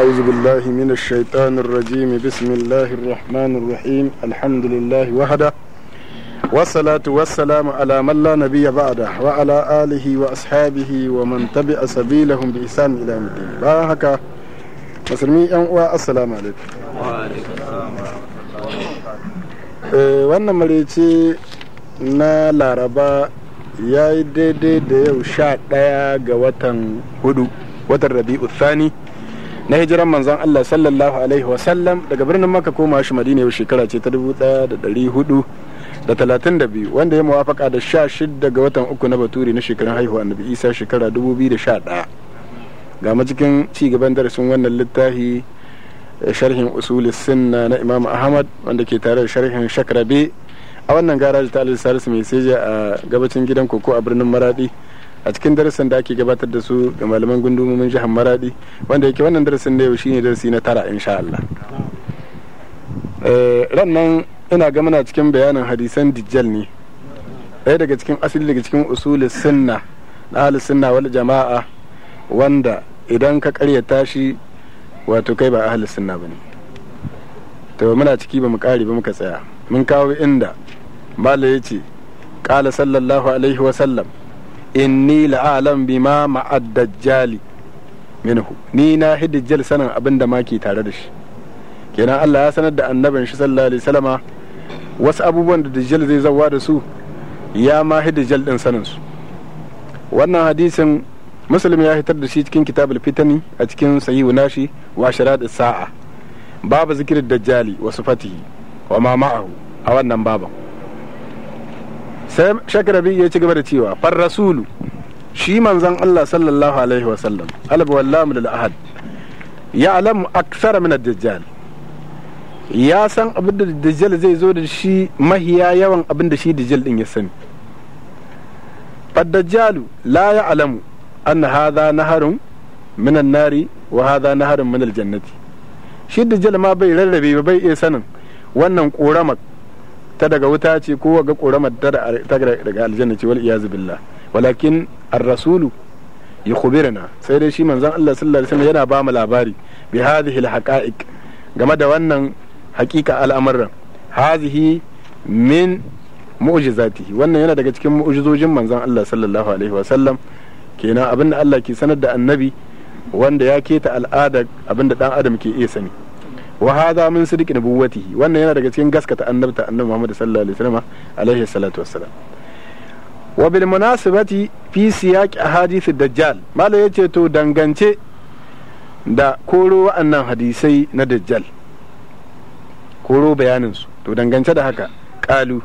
أعوذ بالله من الشيطان الرجيم بسم الله الرحمن الرحيم الحمد لله وحده والصلاة والسلام على من لا نبي بعده وعلى آله وأصحابه ومن تبع سبيلهم بإحسان إلى يوم الدين بارك musulmi yan uwa assalamu alaikum wannan marece na laraba ya yi daidai da yau sha ɗaya ga watan hudu watan rabi'u thani na hijiran manzon Allah sallallahu alaihi wasallam daga birnin Makka koma shi Madina yau shekara ce ta 1432 wanda ya muwafaka da 16 ga watan uku na Baturi na shekarun haihuwa Annabi Isa shekara 2011 ga macikin ci gaban darasin wannan littafi eh, sharhin usulis sunna na Imam Ahmad wanda ke tare da sharhin Shakrabe a wannan garaji ta Salisu mai seja a gabacin gidan koko a birnin Maradi a cikin darasin da ake gabatar da su ga malaman gundumomin jihar maradi wanda yake wannan darasin da yau shine darasi na tara insha Allah eh, ran nan ina ga muna cikin bayanin hadisan dijjal ne ɗaya daga cikin asali daga cikin usuli sunna na ahli sunna wal jama'a wanda idan ka karya tashi wato kai ba ahli sunna bane to muna ciki ba mu kare ba muka tsaya mun kawo inda mala yace kala sallallahu alaihi wa sallam inni la'alam bima ma'ad dajjali minhu ni na jal sanin abin da maki tare da shi kenan Allah ya sanar da annabin shi sallallahu alaihi wasallama wasu abubuwan da dajjal zai zawa da su ya ma jal din sanin su wannan hadisin muslim ya hitar da shi cikin kitabul fitani a cikin sahihu nashi wa sharat sa'a babu zikirin dajjali wa sifatihi wa ma ma'ahu a wannan baban sai shakarabi ya ci gaba da cewa far rasulu shi manzon Allah sallallahu alaihi wa sallam alba lil ahad ya alamu aksara min dajjal ya san abin da dajjal zai zo da shi mahiya yawan abin da shi dajjal din ya sani فالدجال لا يعلم أن هذا نهر من النار وهذا نهر من الجنة shi dajjal ma bai rarrabe ba bai iya sanin wannan ƙoramar ta daga wuta ce ko ga ƙoramar ta daga aljanna ce wal iyazu billah walakin ar-rasulu yukhbirna sai dai shi manzon Allah sallallahu alaihi wasallam yana ba mu labari bi hadhihi al-haqa'iq game da wannan haƙiƙa amr hadhihi min mu'jizatihi wannan yana daga cikin mu'jizojin manzon Allah sallallahu alaihi wasallam kenan abinda Allah ke sanar da annabi wanda ya keta al'ada abinda dan adam ke iya sani wa hadha min sidqi nubuwwatihi wannan yana daga cikin gaskata annabta annabi Muhammad sallallahu alaihi wasallam alaihi salatu wassalam wa bil munasibati fi siyaq ahadith dajjal mala yace to dangance da koro wa'annan hadisai na dajjal koro bayanin su to dangance da haka kalu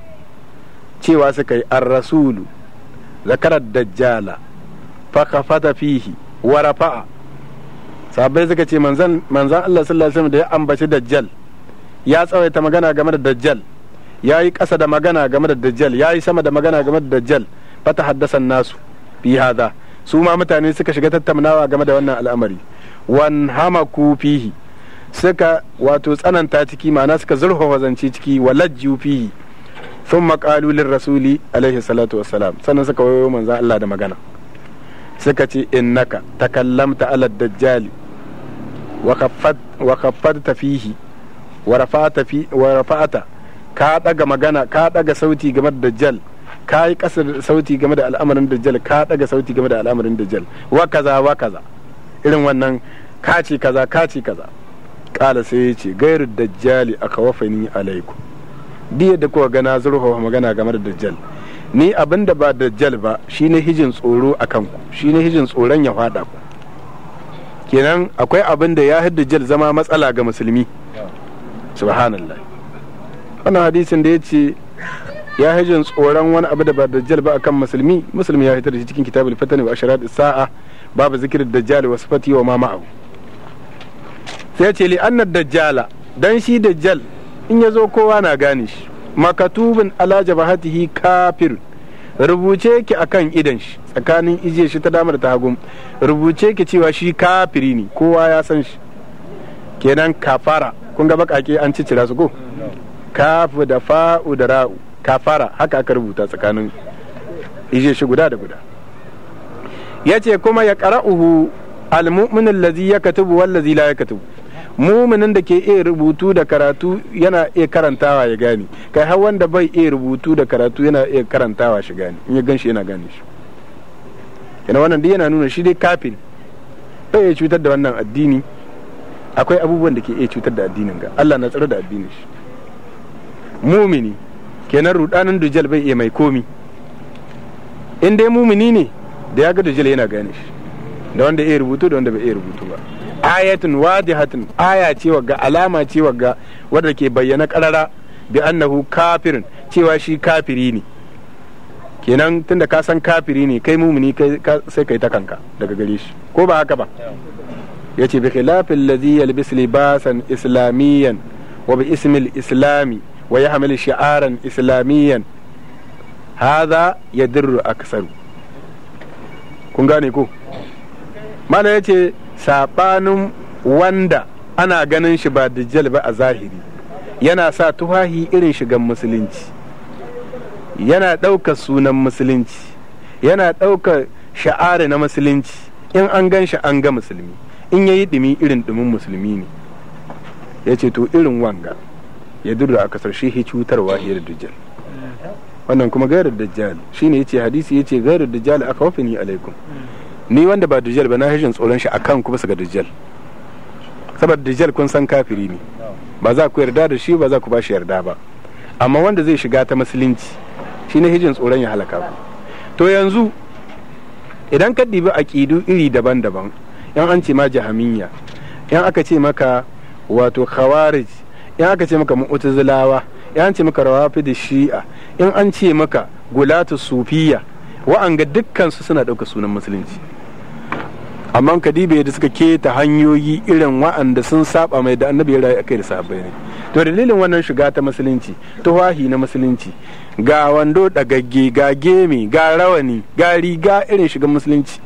cewa suka yi ar-rasulu zakarar dajjala fa kafata fihi wa rafa'a sabai suka ce manzan Allah sallallahu alaihi wasallam da ya ambaci dajjal ya tsawaita magana game da dajjal ya yi kasa da magana game da dajjal ya yi sama da magana game da dajjal fata haddasa nasu fi hada su ma mutane suka shiga tattaunawa game da wannan al'amari wan hamaku fihi suka wato tsananta ciki ma'ana suka zurfafa zance ciki walajju fihi sun maƙalu lil rasuli alaihi salatu wassalam sannan suka wayo manzan Allah da magana suka ce innaka takallamta ala dajjali wa fihi wa rafa'ata ka daga magana ka daga sauti game da dajjal ka yi kasar sauti game da al'amarin dajjal ka daga sauti game da al'amarin dajjal wa kaza wa kaza irin wannan ka ce kaza ka ce kaza kala sai ya ce gairu dajjali a kawafani alaiku diya da kuka gana zurfafa magana game da dajjal ni abin da ba dajjal ba shine hijin tsoro a kanku shine hijin tsoron ya fada ku kenan akwai abin da ya zama matsala ga musulmi subhanallah wannan hadisin da ya ce ya hijin tsoron wani abu da ba dajjal ba akan musulmi musulmi ya fitar da cikin kitabul fatani wa asharat sa'a babu zikirin dajjal wa sifati wa ma ma'ahu sai ce li annad dajjala dan shi dajjal in ya zo kowa na gane shi makatubin ala jabahatihi kafirun rubuce ki akan idan shi tsakanin ije shi ta damar ta hagun rubuce ki cewa shi kafiri ne kowa ya san shi kenan kafara kun ga bakake an cicira su ko kafu da fa'u da ra'u kafara haka aka rubuta tsakanin ije shi guda da guda yace kuma ya qara'uhu al-mu'min allazi yakatubu wallazi la katubu. muminin da ke iya rubutu da karatu yana iya karantawa ya gane kai har wanda bai iya rubutu da karatu yana iya karantawa shi gane in ya gan shi yana gane shi yana wannan duk yana nuna shi dai kafin bai iya cutar da wannan addini akwai abubuwan da ke iya cutar da addinin ga Allah na tsaro da addinin shi mumini kenan rudanin dujal bai iya mai komi in dai mumini ne da ya ga dujal yana gane shi da wanda iya rubutu da wanda bai iya rubutu ba ayatun wadihatun aya ce wagga alama ce wagga wadda ke bayyana karara bi annahu kafirin cewa shi kafiri ne kenan tunda ka san kafiri ne kai mumuni sai kai ta kanka daga gare shi ko ba haka ba ya ce bi khilafin ladhi yalbis libasan islamiyan wa bi ismil islami wa yahmil shi'aran islamiyan hadha yadirru aksaru kun gane ko mana yace saɓanin wanda ana ganin shi ba dijjal ba a zahiri yana sa tuhahi irin shigan musulunci yana ɗauka sunan musulunci yana ɗaukar sha'ari na musulunci in an gan shi an ga musulmi in ya yi ɗumi irin ɗumin musulmi ne ya ce to irin wanga ya duru a kasar shi cutarwa da dijjal wannan kuma gairar dajjal shine ce hadisi ya yace gairar dajjal aka wafini alaikum ni wanda ba dijal ba na hajjin tsoron shi akan kuma su ga dujjal saboda dijal kun san kafiri ne ba za ku yarda da shi ba za ku ba shi yarda ba amma wanda zai shiga ta musulunci shi na hijin tsoron ya halaka ku to yanzu idan ka ɗibi aƙidu iri daban-daban yan an ce ma jahamiyya yan aka ce maka wato khawarij yan aka ce maka mu'tazilawa yan an ce maka rawafid shi'a yan an ce maka gulatu sufiya wa'anga dukkan su suna ɗauka sunan musulunci amma kadibe da suka keta hanyoyi irin wa'anda sun saba mai da annabi ya rayu akai da sahabbai ne to dalilin wannan shiga ta musulunci tuwahi na musulunci ga wando dagagge ga gemi ga rawani ga riga irin shiga musulunci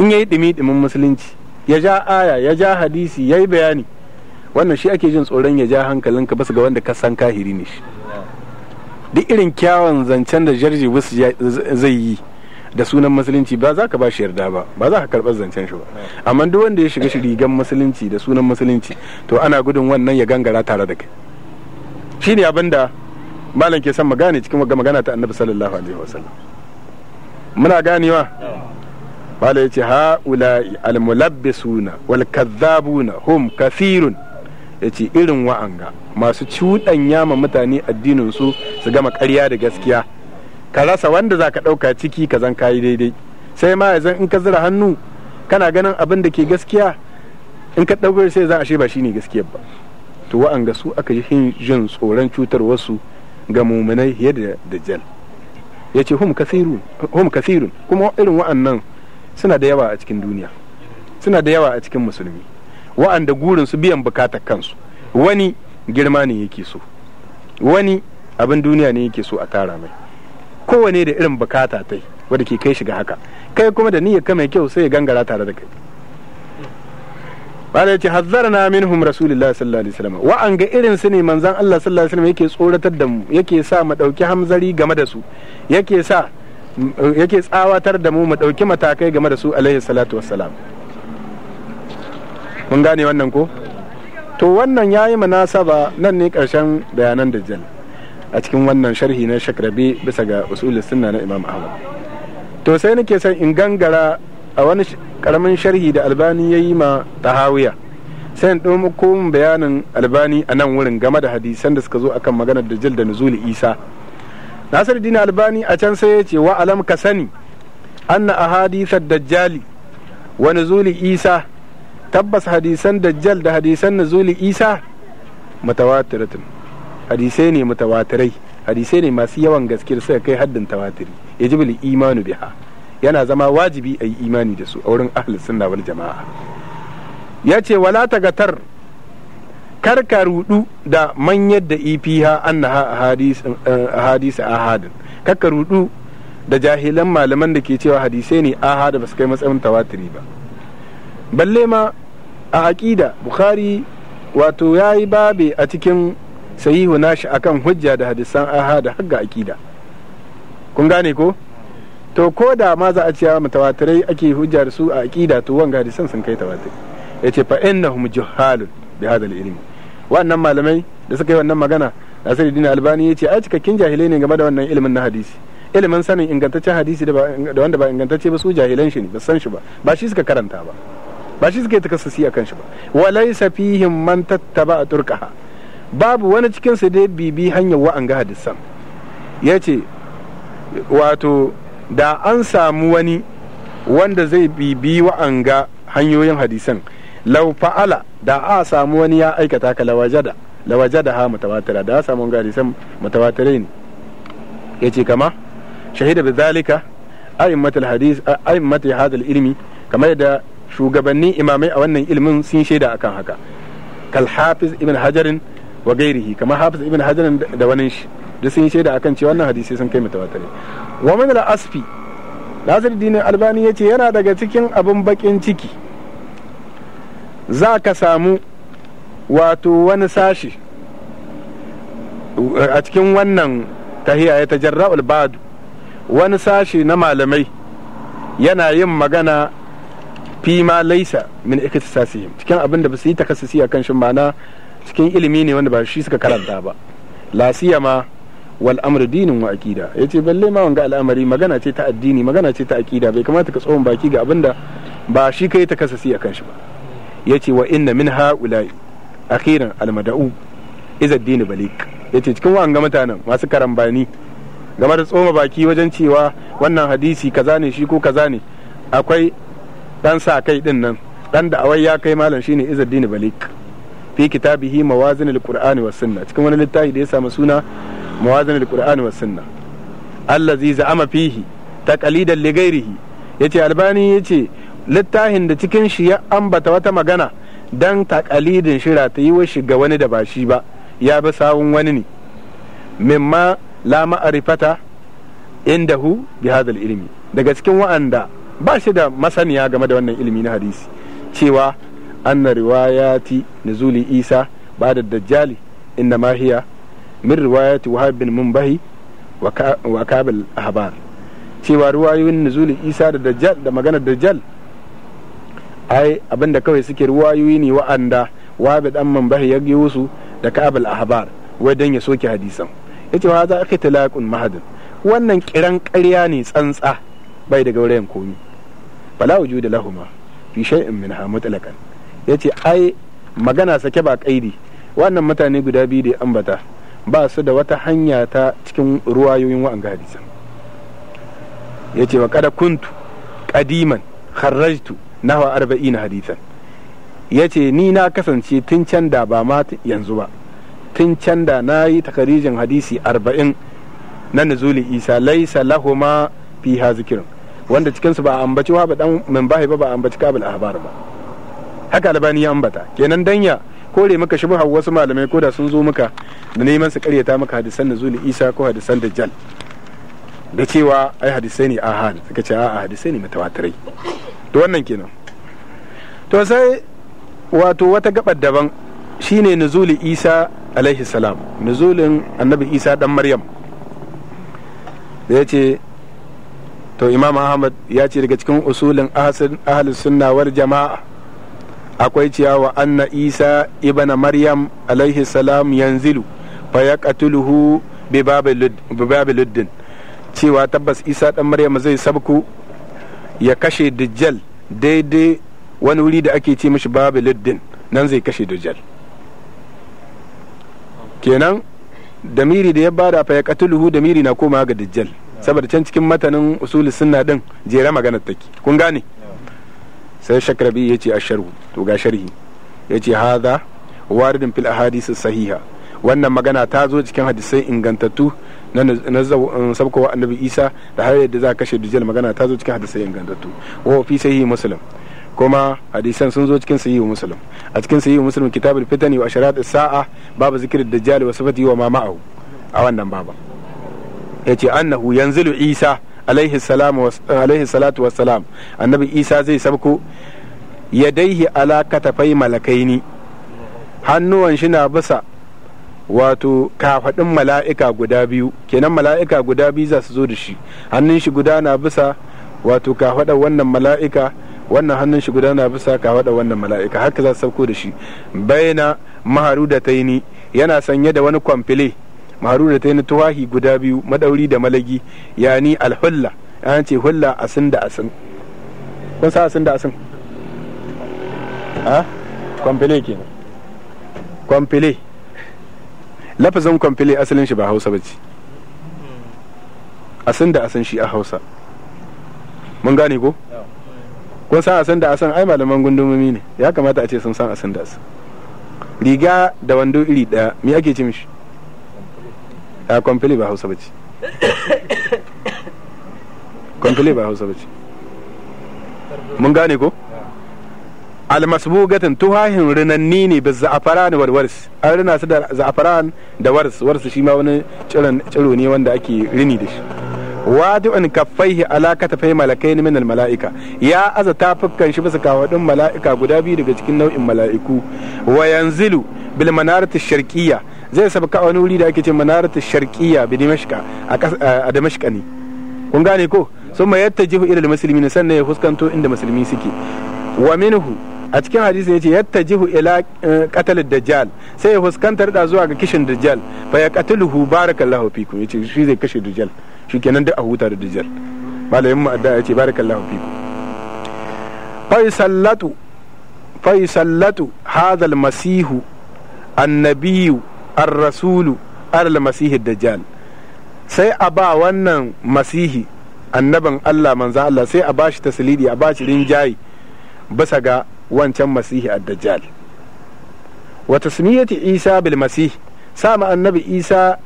in yayi dimi dimin musulunci ya ja aya ya ja hadisi yayi bayani wannan shi ake jin tsoron ya ja hankalinka basu ga wanda ka san kahiri ne shi duk irin kyawun zancen da jarji zai yi da sunan musulunci ba za ka ba shi yarda ba ba za ka karɓar zancen shi ba amma duk wanda ya shiga shi musulunci da sunan musulunci to ana gudun wannan ya gangara tare da kai shine abin da malam ke son magana cikin magana ta annabi sallallahu alaihi wasallam muna ganewa bala ya ce ha'ula'i almulabbisuna wal kadhabuna hum kasirun ya ce irin wa'anga masu cuɗanya ma mutane addinin su su gama ƙarya da gaskiya ka rasa wanda za ka ɗauka ciki ka zan kayi daidai sai ma yanzu in ka zira hannu kana ganin abin da ke gaskiya in ka ɗaukar sai zan ashe ba shi ne gaskiya ba to ga su aka yi jin tsoron cutar wasu ga muminai yadda da dajjal ya ce hum kasirun kuma irin wa'annan suna da yawa a cikin duniya suna da yawa a cikin musulmi wa'anda gurin su biyan bukatar kansu wani girma ne yake so wani abin duniya ne yake so a tara mai kowane da irin bukata ta wadda ke kai shiga haka kai kuma da niyyar ka mai kyau sai ya gangara tare da kai bala yace hazzarna minhum rasulullah sallallahu alaihi wasallam wa an ga irin su ne manzon Allah sallallahu alaihi wasallam yake tsoratar da mu yake sa mu dauki hamzari game da su yake sa yake tsawatar da mu mu dauki matakai game da su alaihi salatu wassalam mun gane wannan ko to wannan yayi munasaba nan ne karshen bayanan dajjal a cikin wannan sharhi na shakrabi bisa ga usul sunna na imam ahmad to sai nake son in gangara a wani karamin sharhi da albani ya yi ma tahawiya sai in ɗau muku bayanin albani a nan wurin game da hadisan da suka zo akan maganar da jil da nuzuli isa nasir dina albani a can sai ya ce wa alam ka sani anna ahadithar dajjali wa nuzuli isa tabbas hadisan dajjal da hadisan nuzuli isa mutawatiratun hadisai ne mutawatirai hadisai ne masu yawan gaske da suka kai haddin tawatiri yajibul imanu biha yana zama wajibi a yi imani da su a wurin ahlus sunna wal jama'a ya ce wala tagatar kar ka rudu da manyan da ifiha annaha hadisi hadin kar ka rudu da jahilan malaman da ke cewa hadisai ne ahad ba su kai matsayin tawatiri ba balle ma a aƙida bukhari wato yayi babe a cikin sahihu nashi akan hujja da hadisan aha da hagga akida kun gane ko to ko da ma za a ce mutawatirai ake hujja da su a akida to wanga hadisan sun kai tawatir ce fa innahum juhalun bi hadal ilmi wannan malamai da suka yi wannan magana Nasiruddin Albani yace ai cikakken jahilai ne game da wannan ilimin na hadisi ilimin sanin ingantaccen hadisi da wanda ba ingantacce ba su jahilan shi ne ba san shi ba ba shi suka karanta ba ba shi suka yi takassusi akan shi ba walaysa fihim man tattaba turqaha babu wani cikinsu da bibi hanyar wa'anga hadisan ya ce wato da an samu wani wanda zai bibi wa'anga hanyoyin hadisan lau fa'ala da a samu wani ya aikata ka lawajada lawajada ha mutawatira da a samu wani hadisan mutawatirai ne ya ce kama shahida bi zalika a'immatul hadis a'immatul hadal ilmi kamar da shugabannin imamai a wannan ilimin sun shaida akan haka kal hafiz ibn hajarin wa gairihi kamar hafiz ibn hajar da wani shi da sun yi shaida akan cewa wannan hadisi sun kai mutawatir wa min al-asfi Nasiruddin Albani yace yana daga cikin abin bakin ciki za ka samu wato wani sashi a cikin wannan tahiya ya tajarra'ul badu wani sashi na malamai yana yin magana fi ma laisa min iktisasihim cikin abin da ba su yi a kan shi ma'ana cikin ilimi ne wanda ba shi suka karanta ba la siyama wal amru dinin wa aqida yace balle ma wanga al'amari magana ce ta addini magana ce ta aqida bai kamata ka tsohon baki ga abinda ba shi kai ta kasasi akan shi ba yace wa inna min haula'i akhiran madau iza dini balik yace cikin wa'anga mutanen masu karambani game da tsoma baki wajen cewa wannan hadisi kaza ne shi ko kaza ne akwai dan sa kai din nan dan da awai ya kai malam shine iza dini balik fi kitabihi mawazin alqur'ani was sunna cikin wani littafi da ya samu suna mawazin alqur'ani was sunna allazi za'ama fihi taqalidan li ghairihi yace albani yace littafin da cikin shi ya ambata wata magana dan takalidin shira ta yi wa shiga wani da ba shi ba ya bi sawun wani ne mimma la ma'arifata indahu bi hadal ilmi daga cikin wa'anda ba shi da masaniya game da wannan ilimi na hadisi cewa anna riwayati nuzuli isa ba'da dajjali inna ma hiya min riwayati wahab bin munbahi wa kabil ahbar cewa ruwayoyin nuzuli isa da dajjal da maganar ai abinda kawai suke ruwayoyi ne wa'anda wabi dan munbahi ya yi da kabil ahbar wai dan ya soke hadisan yace wa za aka talaqun mahadin wannan kiran karya ne tsantsa bai daga wurin komi fala wujuda lahuma fi shay'in minha mutlaqan ya ce ai magana sake ba kaidi wannan mutane guda biyu da ambata ba su da wata hanya ta cikin ruwayoyin wa'anga hadisan ya ce wa kada kuntu kadiman kharrajtu nahwa arba'ina hadisan ya ce ni na kasance tun can da ba ma yanzu ba tun can da na yi takarijin hadisi arba'in na nuzuli isa laisa lahuma fi zikirin wanda cikinsu ba a ambaci wa ba dan min ba ba ambaci kabil ahbar ba haka albani ya ambata kenan danya kore maka shi wasu malamai ko da sun zo maka da neman su karyata maka hadisan da zuli isa ko hadisan Jal da cewa ai hadisai ne ahad suka ce a hadisai ne mutawatirai to wannan kenan to sai wato wata gabar daban shine nuzuli isa alaihi salam nuzulin annabi isa dan maryam da ya ce to imam ahmad ya ce daga cikin usulin ahlus sunna wal jama'a akwai ciyawa anna isa ibn maryam alaihi salam yanzilu fa ya bi babiluddin cewa tabbas isa dan maryam zai sabku ya kashe dajjal daidai wani wuri da ake ce mishi babiluddin nan zai kashe dajjal kenan damiri da ya bada fa ya qatuluhu damiri na koma ga dajjal saboda can cikin matanin usul sunna din jera magana take kun gane sai shakrabi ya ce asharhu to ga sharhi ya ce haza waridin fil ahadisi sahiha wannan magana ta zo cikin hadisai ingantattu na um, sabkowa annabi isa da har yadda za kashe dujjal magana ta zo cikin hadisai ingantattu wa fi sahihi muslim kuma hadisan sun zo cikin sahihu muslim a cikin sahihu muslim kitabul fitani wa asharat sa'a babu zikirin dajjal wa sifati wa ma ma'ahu a wannan baba yace annahu yanzilu isa alaihi salatu wassalam annabi isa zai sabko yadaihi ala katafai malakaini hannuwan shi na bisa wato kafaɗin mala'ika guda biyu kenan mala'ika guda biyu za su zo da shi hannun shi guda na bisa wato kafaɗa wannan mala'ika wannan hannun shi guda na bisa kafaɗa wannan mala'ika haka za su sauko da shi bayana maharu da taini yana sanye da wani kwamfile marura ta yi tuwahi guda biyu madauri da malagi yani alhulla ya ce hulla asin da asin kun sa asin da asin a kwamfile kenan kwamfile lafazin kwamfile asalin shi ba hausa ba ce asin da asin shi a hausa mun gane ko kun san asin da asin ai malaman gundumomi ne ya kamata a ce sun san asin da asin riga da wando iri daya me ake ce mishi ya kwamfili ba hausa bace kwamfili ba hausa bace mun gane ko almasbugatin tuhahin rinanni ne bi za'afaran wal wars an rina su da za'afaran da wars wars shi ma wani ciron ciro ne wanda ake rini da shi wadu'un kaffaihi ala katafai malakaini min al mala'ika ya aza tafukan shi bisa kawadin mala'ika guda biyu daga cikin nau'in mala'iku wa yanzilu bil manarati sharqiyya zai sabka a wani wuri da ake ce manaratu sharqiyya bi dimashqa a damashqa ne kun gane ko sun ma yattajihu ila muslimin sannan ya fuskanto inda musulmi suke wa minhu a cikin hadisi yace yattajihu ila eh, qatl dajjal sai ya fuskantar da zuwa ga kishin dajjal fa ya qatluhu barakallahu fikum yace shi zai kashe dajjal shikenan duk a huta da dajjal malamin mu adda yace barakallahu fikum fa yusallatu fa yusallatu hadha al-masihu annabiyyu ar-rasulu alal dajjal sai a ba wannan masihi annaban Allah Manza Allah sai a ba shi taslidi a ba shi rinjayi bisa ga wancan masihi ad-dajjal wa tasmiyati isa bil masih annabi isa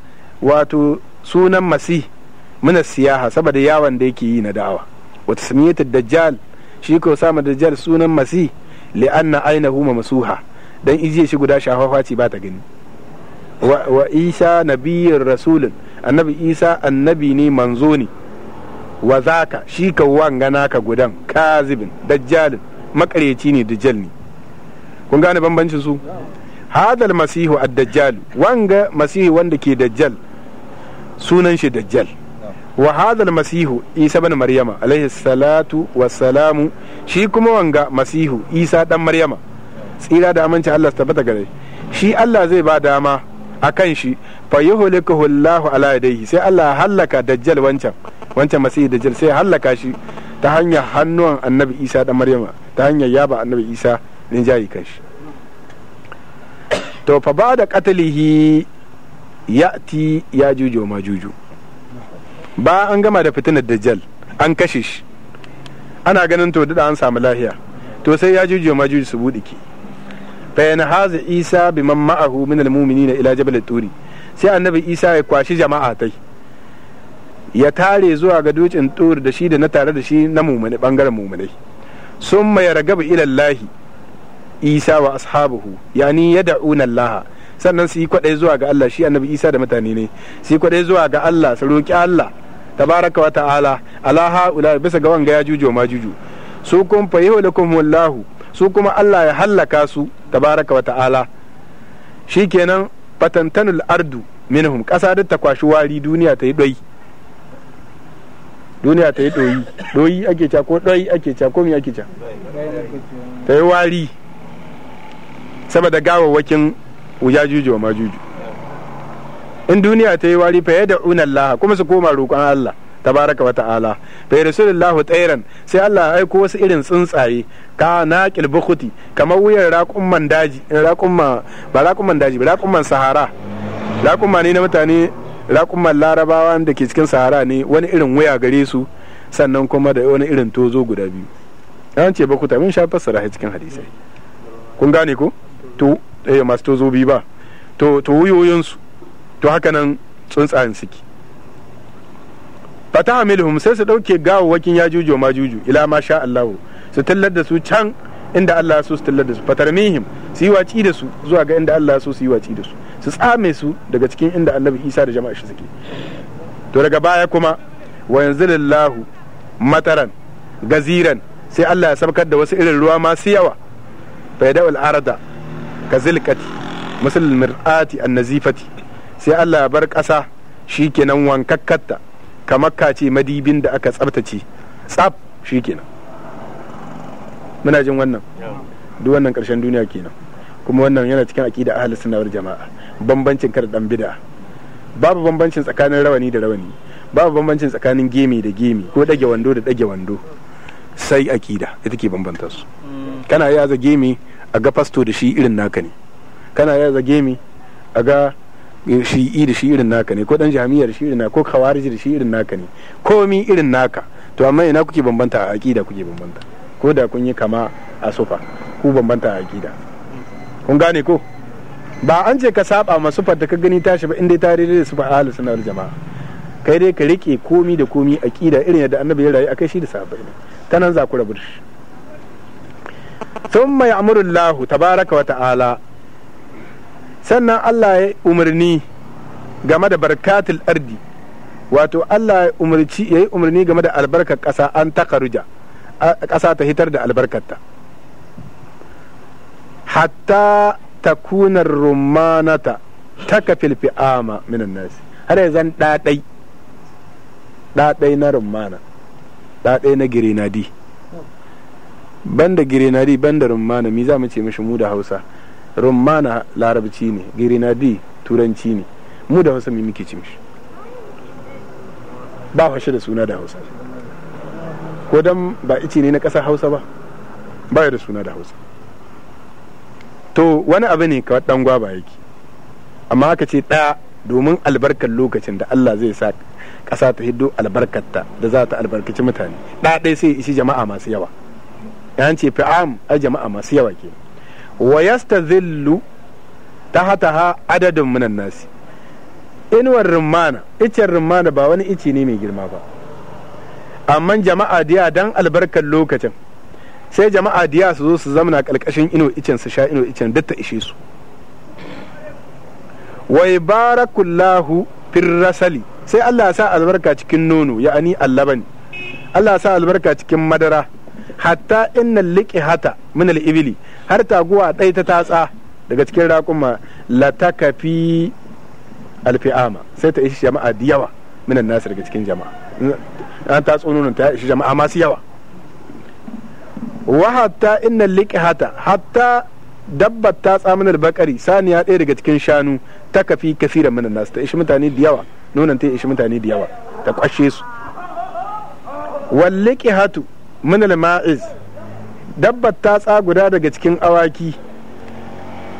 wato sunan masih muna siyaha saboda yawan da yake yi na da'awa wa tasmiyati dajjal shi ko sama dajjal sunan masih li'anna ainahu masuha dan ajiye shi guda shafafa ce ba ta gani wa isa nabiyyin rasulun annabi isa annabi ne manzo ne wa zaka shi ka wanga naka gudan kazibin dajjalin makareci ne dajjal ne kun gane bambancin su hadal masihu ad-dajjal wanga masihu wanda ke dajjal sunan shi dajjal wa hadal masihu isa bin maryama alaihi salatu wassalamu shi kuma wanga masihu isa dan maryama tsira da amince Allah tabbata gare shi Allah zai ba dama a kan shi fa yuhlikuhu Allah ala yadayhi sai Allah hallaka dajjal wancan wancan masihi dajjal sai hallaka shi ta hanyar hannuwan annabi Isa da Maryama ta hanyar yaba annabi Isa ne jayi kan shi to fa ba da ya ti ya juju ma juju ba an gama da fitinar dajjal an kashe shi ana ganin to da an samu lahiya to sai ya juju ma juju su buɗe ki bayan haza isa bi man ma'ahu min ila jabal turi sai annabi isa ya kwashi jama'a tai ya tare zuwa ga dutsen turi da shi da na tare da shi na mumuni bangaren mumunai summa ya ragabu ila isa wa ashabuhu yani yad'una allaha sannan su yi kwadai zuwa ga Allah shi annabi Isa da mutane ne su yi kwadai zuwa ga Allah su roki Allah tabaraka wa ta'ala ala ula bisa ga wanga ya juju ma juju su kun fa wallahu su kuma Allah ya hallaka su tabaraka wa ta'ala shikenan fatantanul ardu minhum kasa duk ta kwashi wari duniya ta yi ɗoyi duniya ta yi doyi ɗoyi ake ca ko doyi ake ca ko me ake ca ta yi wari saboda gawawwakin wuya juju wa majuju in duniya ta yi wari fa yadda unallaha kuma su koma roƙon Allah tabaraka wa ta'ala bai rasulullahu tsairan sai Allah ya aiko wasu irin tsuntsaye ka na kilbukuti kamar wuyan raƙumman daji ba raƙumman daji ba raƙumman sahara raƙumma ne na mutane raƙumman larabawa da ke cikin sahara ne wani irin wuya gare su sannan kuma da wani irin tozo guda biyu an ce bakuta mun sha fassara cikin hadisai kun gane ko to eh masu tozo biyu ba to to wuyoyinsu to haka nan tsuntsayen suke fata hum, sai su dauke gawawwakin ya juju ma juju ila ma sha Allahu su tallar da su can inda Allah so su tallar da su fatarmihim su yi waci da su zuwa ga inda Allah so su yi waci da su su tsame su daga cikin inda annabi Isa da jama'a shi suke to daga baya kuma wa yanzilillahu mataran gaziran sai Allah ya sabkar da wasu irin ruwa masu yawa faida'ul arada ka zilkati musul mir'ati annazifati sai Allah ya bar ƙasa shikenan wankakkatta kamar ka ce madibin da aka tsabtace tsab shi kenan muna jin wannan duk wannan karshen duniya kenan kuma wannan yana cikin aqida ahli sunna wal jama'a bambancin kar dan bid'a babu bambancin tsakanin rawani da rawani babu bambancin tsakanin gemi da gemi ko dage wando da dage wando sai aqida ita ke bambanta su kana yaza gemi a ga fasto da shi irin naka ne kana yaza gemi a ga shi'i da shi irin naka ne ko dan jami'ar shi irin naka ko khawariji da shi irin naka ne komi irin naka to amma ina kuke bambanta a aqida kuke bambanta ko da kun yi kama a sufa ku bambanta a aqida kun gane ko ba an ce ka saba ma sufa da ka gani tashi ba inda ta daidai da sufa ahlus sunna wal jamaa kai dai ka rike komi da komi aqida irin yadda annabi ya rayu akai shi da sahabbai ne tanan za ku rabu da shi thumma ya'muru Allahu tabaaraka wa ta'ala sannan Allah ya umarni game da barkatul ardi wato Allah ya umarci ya yi umarni game da albarkar ƙasa an takaruja ƙasa ta hitar da albarkarta hatta takunar rumanata taka filfi'ama minan nasi har yanzu ɗaɗai ɗaɗai na rumana ɗaɗai na girinadi banda girinadi banda rumana mi za mu ce mishi mu da hausa rumana larabci ne bi turanci ne mu da hausa mai muke ci mishi ba fashe da suna da hausa ko dan ba ice ne na ƙasar hausa ba ba da suna da hausa to wani abu ne kawai dan gwaba yake amma haka ce ɗaya domin albarkar lokacin da Allah zai sa ƙasa ta hiddo albarkarta da za ta albarkaci mutane ɗa ɗaya sai isi jama'a masu yawa yan ce fi'am a jama'a masu yawa kenan wa yastazillu tahataha adadin minan nasi inuwar rumana icen rumana ba wani ici ne mai girma ba amma jama'a diya dan albarkar lokacin sai jama'a diya su zo su zamana kalkashin ino icen su sha ino icen duk ta ishe su wai barakullahu rasali sai Allah ya sa albarka cikin nono ya'ani allaban Allah ya sa albarka cikin madara hatta inna liƙi hata min ibili har taguwa ɗai ta tatsa daga cikin raƙuma la takafi alfi'ama sai ta ishi jama'a da yawa minan nasu daga cikin jama'a an ta tsununan ta ishi jama'a masu yawa wa hatta inna liƙi hata hatta dabba ta tsaminar bakari saniya ɗaya daga cikin shanu ta kafi kafiran minan nasu ta ishi mutane da yawa nunan ta ishi mutane da yawa ta kwashe su wallaƙi hatu minal ma'iz dabbar ta tsaguda daga cikin awaki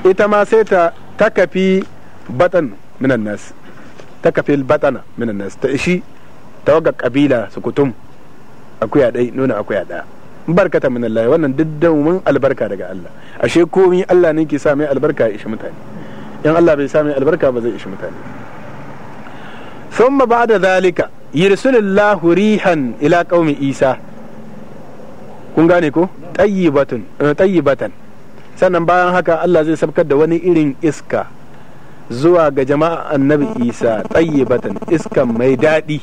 ita ma sai ta takafi batan minan nas takafi batana minan nas ta ishi tawaga kabila su kutum akuya dai nuna akuya daya barkata min Allah wannan diddan albarka daga Allah ashe komai Allah ne ke sa mai albarka ya ishi mutane in Allah bai sa mai albarka ba zai ishi mutane thumma ba'da zalika yursilullahu rihan ila qaumi Isa kun gane ko eh, tayyibatan sannan bayan haka Allah zai sabkar da wani irin iska zuwa ga jama'a annabi isa tayyibatan iskan mai daɗi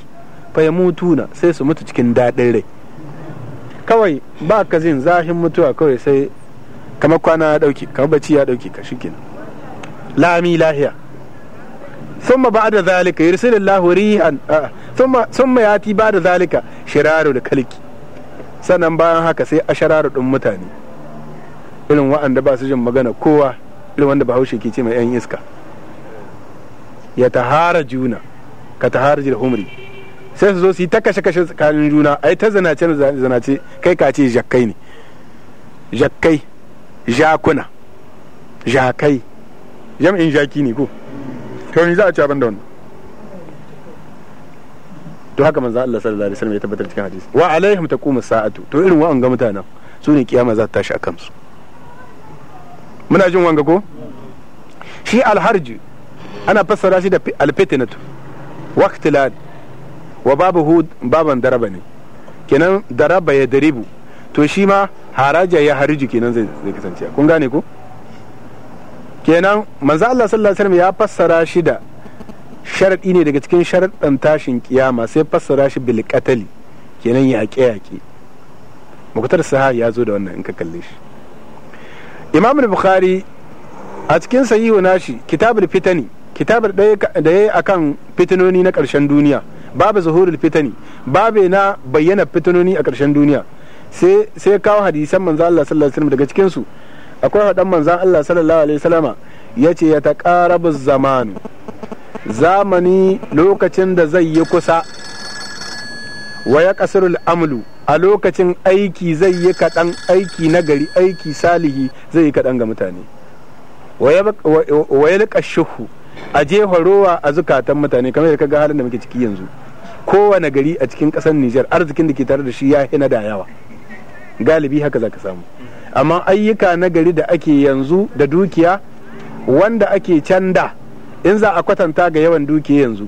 na sai su mutu cikin daɗin rai kawai ba ka zin zahin mutuwa kawai sai kamar kwana ya ɗauki kamar bacci ya ɗauki ka shi kenan lami lahiya ثم بعد ذلك يرسل الله sun ثم ba da zalika shirarau da kaliki. sannan bayan haka sai ashararu ɗin mutane irin wa'anda ba su jin magana kowa irin wanda bahaushe ke ce mai yan iska ya tahara juna ka tahara jil humri sai su zo su yi ta kashe kashe tsakanin juna a yi ta zanace zanace kai ka ce jakai ne jakai jakuna jakai jam'in jaki ne ko to ni za a ci abin da wannan to haka manzo Allah sallallahu alaihi wasallam ya tabbatar cikin hadisi wa alaihim taqumu sa'atu to irin wa'an ga mutanen su ne kiyama za ta tashi a su muna jin wanga ko shi alharji ana fassara shi da alfitnat waqtilan wa babu hud baban daraba ne kenan daraba ya daribu to shi ma haraja ya harji kenan zai kasance kun gane ko kenan manzo Allah sallallahu alaihi wasallam ya fassara shi da sharaɗi ne daga cikin sharaɗan tashin kiyama sai fassara shi bil qatali kenan ya yaƙe yaƙe muktar sahar ya zo da wannan in ka kalle shi imam bukhari a cikin sahihu nashi kitabul fitani kitabar da ya akan fitinoni na ƙarshen duniya babu zuhurul fitani babu na bayyana fitinoni a ƙarshen duniya sai sai kawo hadisan manzo Allah sallallahu alaihi wasallam daga cikin su akwai hadan manzan Allah sallallahu alaihi wasallama yace ya taqarabu zamanu zamani lokacin da zai yi kusa wa ya kasarul amlu a lokacin aiki zai yi kaɗan aiki nagari aiki salihi zai yi kaɗan ga mutane wa liƙa shuhu a jefa rowa a zukatan mutane kamar da kaga halin da muke ciki yanzu kowane gari a cikin ƙasar Nijar arzikin da ke tare da shi ya hina da yawa galibi haka za ka samu amma ayyuka na gari da ake yanzu da dukiya wanda ake canda in za a kwatanta ga yawan dukiya yanzu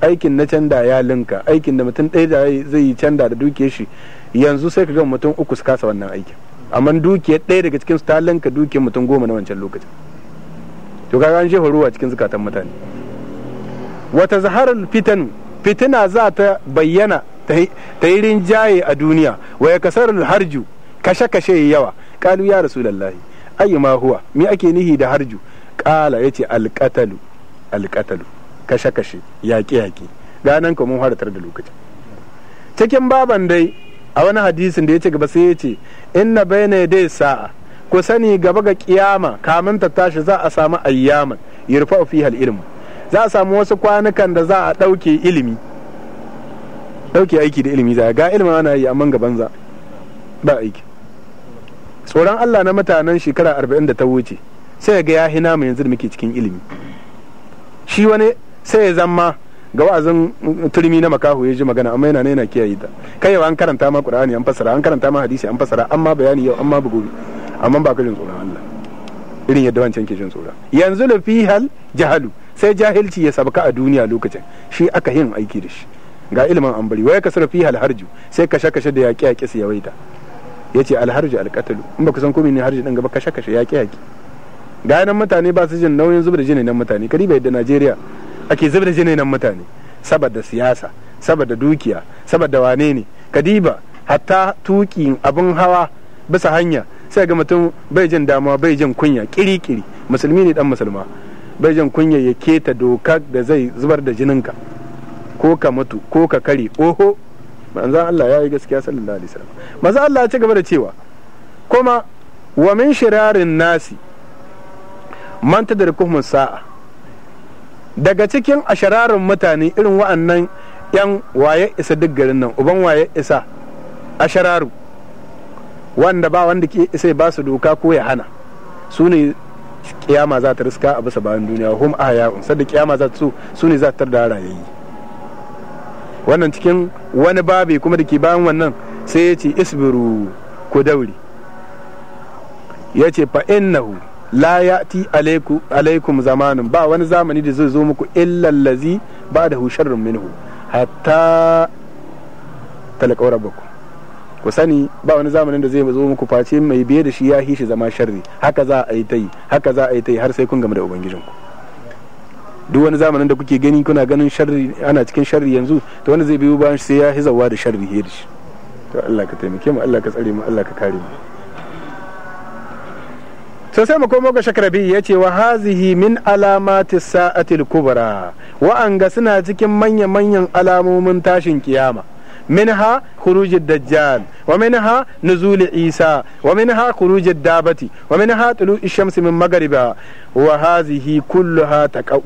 aikin na canda ya linka aikin da mutum ɗaya zai yi canda da dukiya shi yanzu sai ka ga mutum uku su kasa wannan aikin amma dukiyar ɗaya daga cikin su ta linka dukiyar mutum goma na wancan lokacin to kaga an shefa ruwa cikin zukatan mutane wata zaharar fitan fitina za ta bayyana ta yi rinjaye a duniya wa kasar harju kashe-kashe yawa kalu ya rasulallahi ayyuma huwa me ake nihi da harju kala yace alqatalu alƙatalu kashe-kashe yaƙe-yaƙe ganan ka mun haratar da lokaci cikin baban dai a wani hadisin da ya ce gaba sai ya ce inna bayna dai sa'a ku sani gaba ga kiyama kamin ta tashi za a samu ayyaman yurfa fi hal ilmu za a samu wasu kwanukan da za a ɗauke ilimi ɗauke aiki da ilimi za ga ilimi ana yi amma gaban za ba aiki tsoron Allah na mutanen shekara arba'in da ta wuce sai ga ya hina mu yanzu da muke cikin ilimi shi wani sai ya zama ga wa'azin turmi na makahu ya ji magana amma yana yana kiyaye ta kai yau an karanta ma qur'ani an fasara an karanta ma hadisi an fasara amma bayani yau amma bugu amma ba ka jin tsoron Allah irin yadda wancan ke jin tsoron yanzu la hal jahalu sai jahilci ya sabka a duniya lokacin shi aka yin aiki da shi ga ilimin an bari waya kasar fi hal harju sai kashe kashe da yaƙi yaƙi su yawaita yace al harju al qatlu in ku san komai ne harju din gaba kashe kashe yaƙi yaƙi Gayanan mutane ba su jin nauyin zubar jini nan mutane kari bai da najeriya ake zubar jini nan mutane saboda siyasa saboda dukiya saboda wane ne kadiba hatta tuki abin hawa bisa hanya sai ga mutum bai jin damuwa bai jin kunya kiri-kiri musulmi ne dan musulma bai jin kunya ya keta doka da zai zubar da jininka ko ka mutu ko ka kare oho manzan Allah ya yi gaskiya sallallahu alaihi wasallam manzan Allah ya ci gaba da cewa kuma wa min shirarin nasi da rikuhun sa'a daga cikin ashirarin mutane irin wa'annan yan waye isa duk garin nan uban waye isa ashararu wanda ba wanda ke isa ba su doka ko ya hana su ne kiyama za ta riska a bisa bayan duniya hum ahya'un sadda kiyama za ta so su ne za ta da rayayi wannan cikin wani babi kuma da ke bayan wannan sai ya ce isbiru ku dauri ya ce fa innahu la ya'ti alaikum zamanin ba wani zamani da zai zo muku illallazi ba da sharrun minhu hatta talaka rabbakum ku sani ba wani zamanin da zai zo muku face mai biye da shi ya hishi zama sharri haka za a yi ta yi haka za a yi ta yi har sai kun gama da ubangijinku duk wani zamanin da kuke gani kuna ganin sharri ana cikin sharri yanzu to wani zai biyo bayan sai ya hizawa da sharri hirish to Allah ka taimake mu Allah ka tsare mu Allah ka kare mu so sai mu komo ga ya ce wa hazihi min alamati sa'atil kubra wa'anga suna cikin manya manyan alamomin tashin kiyama منها خروج الدجال ومنها نزول عيسى ومنها خروج الدابة ومنها طلوع الشمس من مغربها وهذه كلها تقع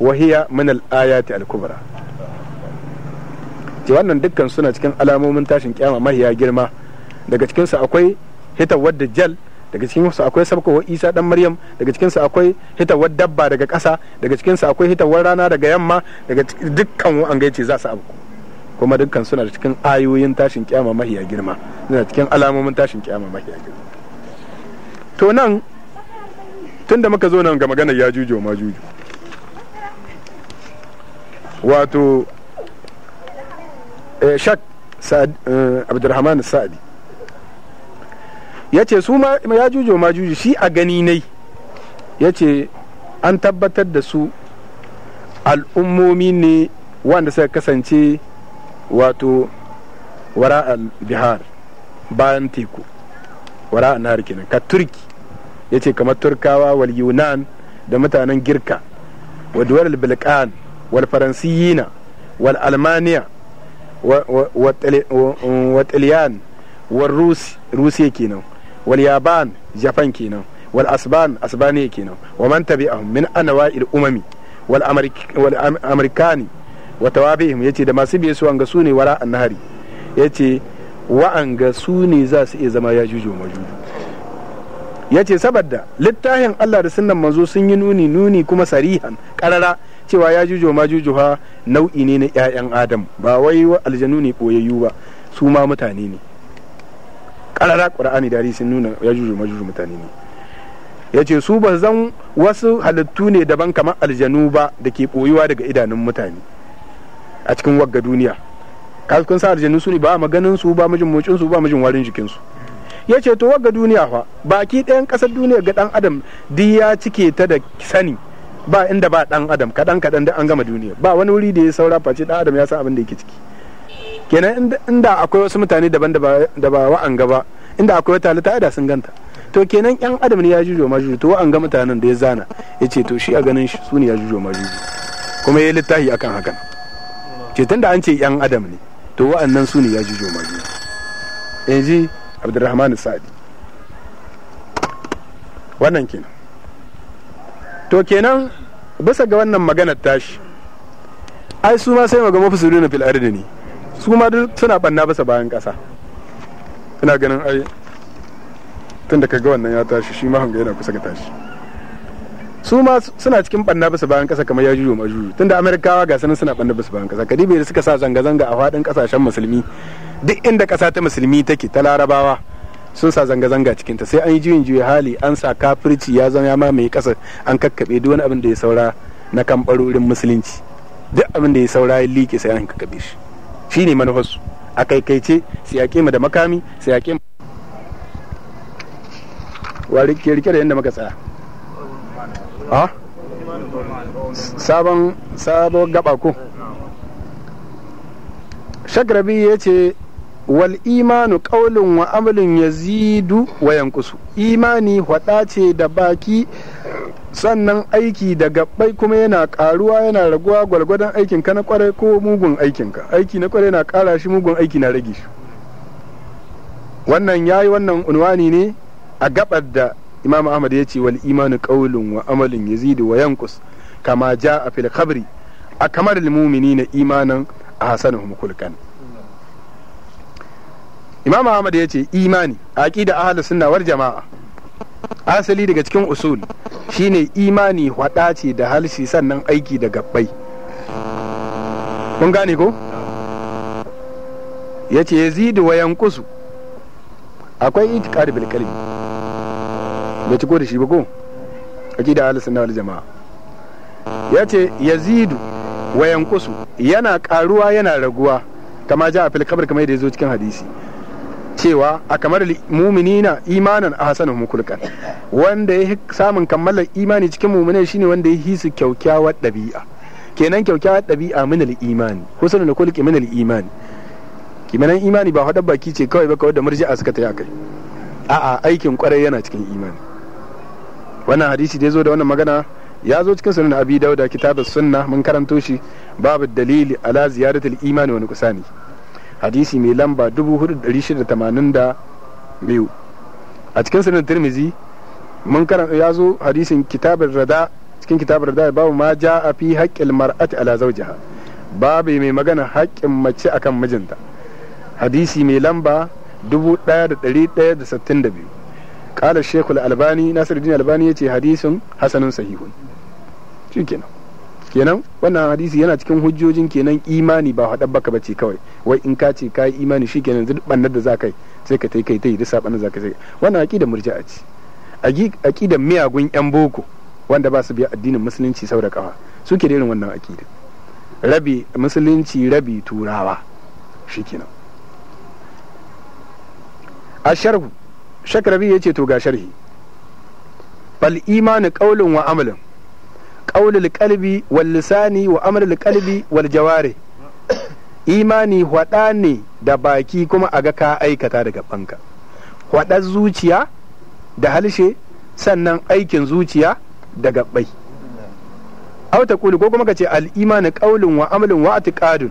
وهي من الآيات الكبرى wannan dukkan suna cikin alamomin tashin kiyama mahiya girma daga cikinsu akwai hitawar dajjal daga cikin su akwai sabkowar isa dan maryam daga cikin su akwai hitawar dabba daga ƙasa daga cikin su akwai hitawar rana daga yamma daga dukkan an gaice za su abu kuma dukkan suna da cikin ayoyin tashin kiyama mahiya girma suna cikin alamomin tashin kiyama mahiya girma to nan tunda muka zo nan ga maganar ya juju ma juju wato eh, shak eh, Abdurrahman sa'adi ya ce su ya jujo ma juju shi a gani nai ya ce an tabbatar da su al'ummomi ne wanda suka kasance wato wara al-bihar bayan teku wara nahar kenan ka turki ya ce kamar turkawa wal yunan da mutanen girka wa duwar bilkan wal faransiyina wal almaniya wa taliyan wa rusi kenan wal yaban japan kenan wal asban asbaniya kenan wa man tabi'ahum min anwa'il umami wal amerikani wa tawabihim yace da masu biye su an ga su ne wara annahari yace wa'anga su ne za su iya zama ya juju majuju ya ce saboda littafin Allah da sunnan manzo sun yi nuni nuni kuma sarihan karara cewa ya juju ma juju nau'i ne na 'ya'yan adam ba wai Aljanuni ne ɓoyayyu ba su ma mutane ne karara qur'ani dari sun nuna ya juju majuju mutane ne ya ce su ba zan wasu halittu ne daban kamar aljanu ba da ke koyuwa daga idanun mutane a cikin wagga duniya kun sa aljanu su ne ba maganin su ba mijin mocin su ba mijin warin jikin su ya ce to wagga duniya fa baki ɗayan ƙasar duniya ga ɗan adam duk ya cike ta da sani ba inda ba ɗan adam kaɗan kaɗan da an gama duniya ba wani wuri da ya saura face ɗan adam ya san abin da yake ciki kenan inda akwai wasu mutane daban da ba wa'an gaba inda akwai wata lita da sun ganta to kenan yan adam ne ya jujo majuju to wa'an ga mutanen da ya zana ya ce to shi a ganin shi su ne ya jujo majuju kuma ya littahi akan hakan ce tunda an ce yan adam ne to wa'annan su ne ya jujo majuju yanzu abdurrahman sa'adi wannan kenan to kenan bisa ga wannan maganar tashi ai su ma sai maga mafisiruna fil ardi ne su ma duk suna banna basa bayan ƙasa ina ganin ai tun da ka ga wannan ya tashi shi ma hanga yana kusa ga tashi su ma suna cikin banna bisa bayan kasa kamar ya juyo majuju tunda amerikawa ga sanin suna banna bisa bayan kasa kadibe da suka sa zanga-zanga a faɗin kasashen musulmi duk inda kasa ta musulmi take ta larabawa sun sa zanga-zanga cikin ta sai an yi juyin juya hali an sa kafirci ya zama ya mai kasa an kakkabe duk wani abin da ya saura na kan barorin musulunci duk abin da ya saura ya liƙe sai an kakkabe shi ne manufarsu a kaikaice sai yaƙe mu da makami sai yaƙe mu wa rike rike da yadda muka tsaya a sabon sabon gaba ko shagrabi ya ce wal imanu ƙaulin wa amalin yazidu wa yankusu imani hwada ce da baki sannan aiki da gabbai kuma yana karuwa yana raguwa gwalgwadon aikinka na kwarai ko mugun aikinka aiki na kwarai na kara shi mugun aiki na rage shi wannan yayi wannan unwani ne a gabar da imam ahmad ya ce wal imanu qaulun wa amalin yazidu wa yanqus kama a fil khabri a kamar na imanan a hasanuhum kulkan imam ahmad ya ce imani aqida ahlus sunna wal jama'a asali daga cikin usul shine imani hwada ce da halshi sannan aiki da gabbai kun gane ko ya ce yazidu wayan kusu akwai iti bil bilkali da ciko da shi ba ko aqida da halisun na jamaa ya ce yazidu wayan kusu yana karuwa yana raguwa kama ja a filkabar kabar kamar da ya zo cikin hadisi cewa a kamar muminina imanan a hasanin mukulkan wanda ya samun kammalar imani cikin muminai shine wanda ya hisu kyaukyawar ɗabi'a kenan kyaukyawar ɗabi'a minal imani husnul da kulki minal imani kimanin imani ba hadar baki ce kawai ba kawai da murji'a suka ta kai a'a aikin kwarai yana cikin imani wannan hadisi da ya zo da wannan magana ya zo cikin sunan abi dauda kitabus sunna mun karanto shi babu dalili ala ziyaratul imani wani kusani hadisi mai lamba 4682 a cikin sanar tirmizi mun karanta ya zo hadisin kitabar rada cikin kitabar rada babu ma ja a fi haƙƙin mar'ati ala zawjiha babu mai magana haƙƙin mace akan mijinta hadisi mai lamba 1162 qala shekul albani nasiruddin albani ya ce hadisin hasanin sahihun kenan kenan wannan hadisi yana cikin hujjojin kenan imani ba haɗa baka bace kawai wai in ka ce ka yi imani shi kenan duk bannar da za kai sai ka tai ta yi duk saɓanin za ka sai wannan aƙidar a ce aƙidar miyagun yan boko wanda ba su biya addinin musulunci sau da ƙawa suke ke irin wannan aƙidar rabi musulunci rabi turawa shi kenan a sharhu shakarabi ya ce to ga sharhi bal imani ƙaulin wa amalin qaulul qalbi wal lisani wa amalul qalbi wal jawari imani hwada ne da baki kuma a ga ka aikata daga banka hwadar zuciya da halshe sannan aikin zuciya da gabbai Auta taqulu ko kuma kace al imani qaulun wa amalun wa i'tiqadun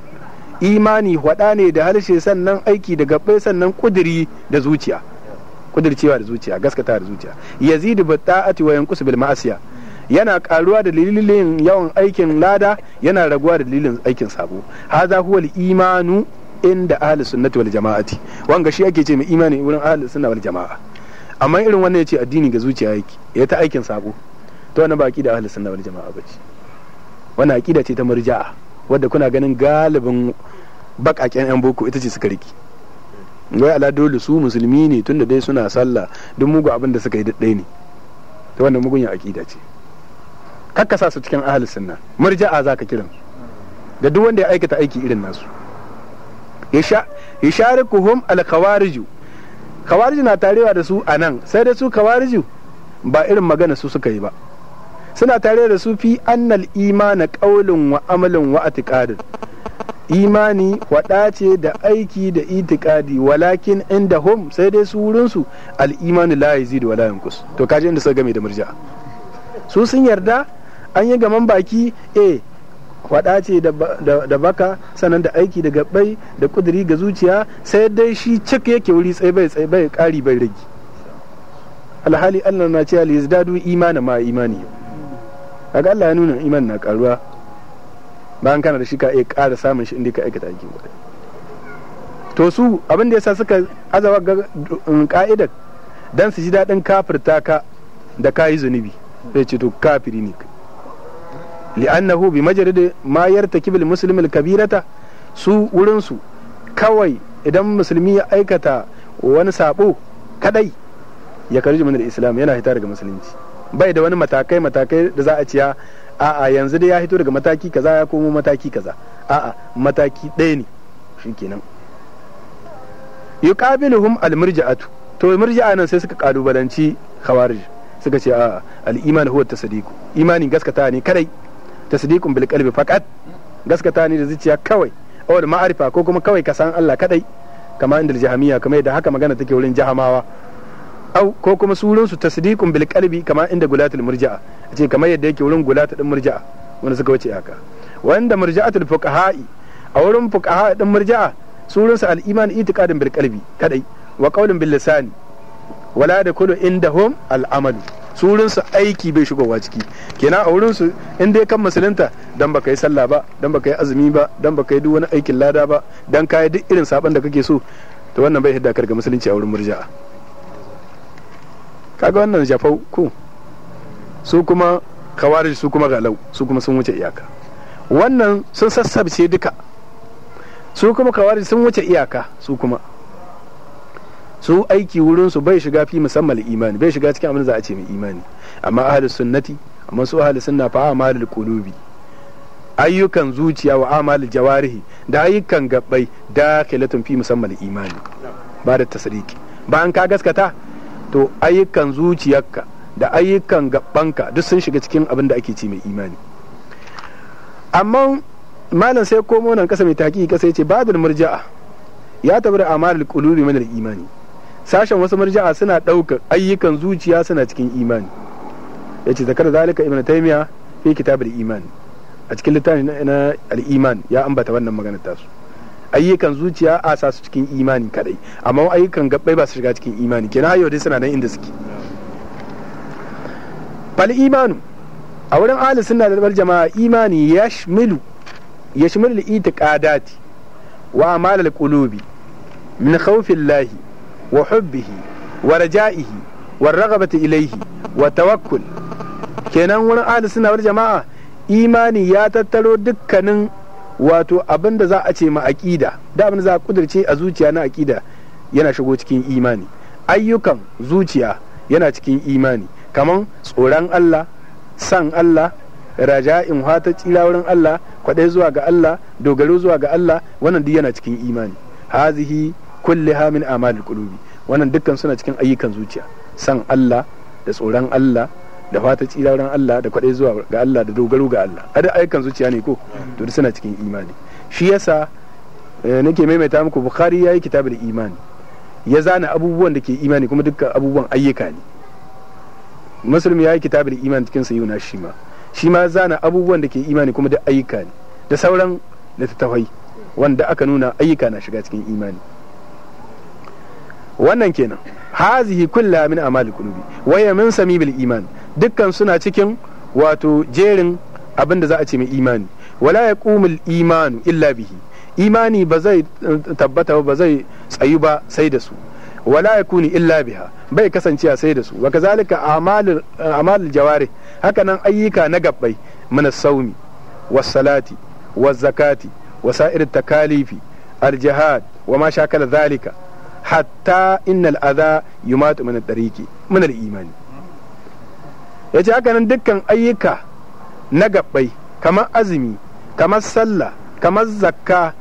imani hwada ne da halshe sannan aiki da gabbai sannan kudiri da zuciya cewa da zuciya gaskata da zuciya yazidu bi ta'ati wa yanqusu bil ma'asiya yana karuwa da dalilin yawan aikin lada yana raguwa da dalilin aikin sabo haza huwa imanu inda ahli sunnati wal jama'ati wanga shi ake ce mai imani wurin ahli sunna wal jama'a amma irin wannan yace addini ga zuciya yake ya ta aikin sabo to wannan ba aqida ahli sunna wal jama'a bace wannan aqida ce ta murja'a wadda kuna ganin galibin bakaken yan boko ita ce suka riki wai ala dole su musulmi ne tunda dai suna sallah duk mugu abin da suka yi daddai ne ta wannan mugun ya aqida ce kakka sa su cikin ahli sunna murja'a zaka kiran da duk wanda ya aikata aiki irin nasu yusharikuhum al-khawarij khawarij na tarewa da su nan sai da su khawarij ba irin magana su suka yi ba suna tare da su fi annal imana kaulin wa amalin wa atiqadin imani waɗa ce da aiki da itikadi walakin inda hum sai dai su wurinsu al'imani la wa wala yankus to kaji inda sai game da murja su sun yarda an yi gaman baki a eh, faɗa ce da baka sannan da aiki da gabbai da kuduri ga zuciya sai dai shi cik yake wuri tsaye bai tsaye bai ƙari bai rage alhali allah na ce alhiz dadu imani ma imani ga allah ya nuna iman na karuwa bayan kana da shi ka iya kara samun shi inda ka aikata aiki to su abin da yasa suka azawa ga ka'idar mm, dan su ji daɗin kafirta ka da ka yi zunubi zai ce to kafiri ne li'annahu bi majarid ma yartakib al muslim al kabirata su wurin su kawai idan musulmi ya aikata wani sabo kadai ya karji min islam yana hita daga musulunci bai da wani matakai matakai da za a ciya a'a yanzu dai ya hito daga mataki kaza ya komo mataki kaza a'a mataki ɗaya ne shikenan yuqabiluhum murji'atu to murji'a nan sai suka kalubalanci khawarij suka ce a'a al-iman huwa tasdiq imani gaskata ne kadai tasdiqun bil qalbi faqat gaskata ne da zuciya kawai awal ma'arifa ko kuma kawai ka san Allah kadai kama inda jahamiya kuma yadda haka magana take wurin jahamawa au ko kuma surun su tasdiqun bil qalbi kama inda gulatul murji'a ce kamar yadda yake wurin gulatul din murji'a wanda suka wuce haka wanda murji'atul fuqaha'i a wurin fuqaha'i din murji'a surun su al iman itiqadin bil qalbi kadai wa qawlin bil lisani wala da kulu hom al'amalu su wurinsu aiki bai shigowa ciki kenan a wurinsu in dai kan musulunta dan baka yi sallah ba dan baka yi azumi ba dan baka yi duk wani aikin lada ba dan kayi duk irin saban da kake so to wannan bai hidda karga musulunci a wurin murja'a kaga wannan jafau ku su kuma kawarij su kuma galau su kuma sun wuce iyaka wannan sun sassabce duka su kuma kawarij sun wuce iyaka su kuma su aiki wurin su bai shiga fi musamman imani bai shiga cikin abin da za a ce mai imani amma ahlus sunnati amma su ahlus sunna fa amalul qulubi ayyukan zuciya wa amalul jawarihi da ayyukan gabbai dakhilatun fi musamman imani ba da tasriki an ka gaskata to ayyukan zuciyarka da ayyukan gabbanka duk sun shiga cikin abin da ake ce mai imani amma malam sai komo nan kasa mai taƙi kasa ya ce babul murja'a ya tabbata amalul qulubi min al imani sashen wasu marja'a suna ɗauka ayyukan zuciya suna cikin imani ya ce zakar zalika ibn taimiya fi kitab iman a cikin littafin na al-iman ya ambata wannan maganar tasu ayyukan zuciya a sa su cikin imani kadai amma ayyukan gabbai ba su shiga cikin imani kenan ayo dai suna nan inda suke fal imanu a wurin ahli sunna da wal jama'a imani yashmilu yashmilu al-itiqadati wa amal al-qulubi min khawfi wa hubbihi wa raja'ihi wa raghabati ilaihi wa tawakkul kenan wurin ahli suna wani jama'a imani ya tattaro dukkanin wato abin da za a ce ma aƙida da abin da za a kudirce a zuciya na aqida yana shigo cikin imani ayyukan zuciya yana cikin imani kaman tsoron Allah san Allah raja'in hata tsira wurin Allah kwadai zuwa ga Allah dogaro zuwa ga Allah wannan duk yana cikin imani hazihi kulliha min amalil qulubi wannan dukkan suna cikin ayyukan zuciya san Allah da tsoron Allah da fata tsiraren Allah da kwaɗe zuwa ga Allah da dogaro ga Allah ada ayyukan zuciya ne ko to suna cikin imani shi yasa eh, nake maimaita muku bukhari yayi kitabul imani ya zana abubuwan da ke imani kuma dukkan abubuwan ayyuka ne ya yayi kitabul imani cikin sayyuna shi ma shi ma zana abubuwan da ke imani kuma duk ayyuka ne da sauran littattafai wanda aka nuna ayyuka na shiga cikin imani wannan kenan hazihi kulla min amali qulubi waya min sami bil iman dukkan suna cikin wato jerin abin da za a ce mai imani wala yaqumul imanu illa bihi imani ba zai eh, tabbata ba zai tsayu ba sai da su wala yakuni illa biha bai kasancewa sai da su wa kazalika amalul eh, amalul hakanan ayyuka na gabbai min saumi was salati was zakati wasa'ir takalifi al jihad wa ma shakala zalika hatta innal adha yumatu min ad-dariqi min al-imani yace haka nan dukkan ayyuka na gabbai kamar azumi kamar sallah kamar zakka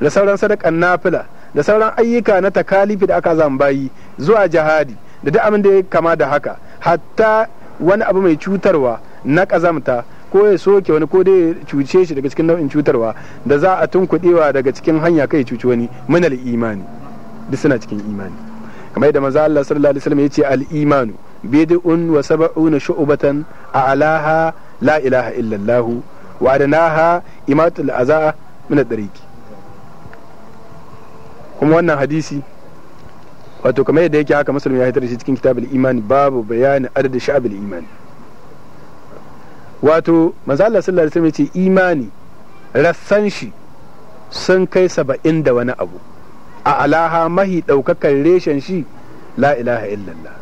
da sauran sadakan nafila da sauran ayyuka na takalifi da aka zambayi zuwa jihadi da duk abin da ya kama da haka hatta wani abu mai cutarwa na kazamta ko ya soke wani ko dai cuce shi daga cikin nau'in cutarwa da za a tunkuɗewa daga cikin hanya kai cuci wani minal imani duk suna cikin imani kamar yadda manzo Allah sallallahu alaihi wasallam yace al imanu bid'un wa sab'una shu'batan a'laha la ilaha illa Allah wa adnaha imatul azaa min ad dariq kuma wannan hadisi wato kamar yadda yake haka musulmi ya hitar shi cikin kitabul imani babu bayani adadin sha'abul imani wato manzo Allah sallallahu alaihi wasallam yace imani rassan shi sun kai saba'in da wani abu a alaha mahi ɗaukakar reshen shi la ilaha illallah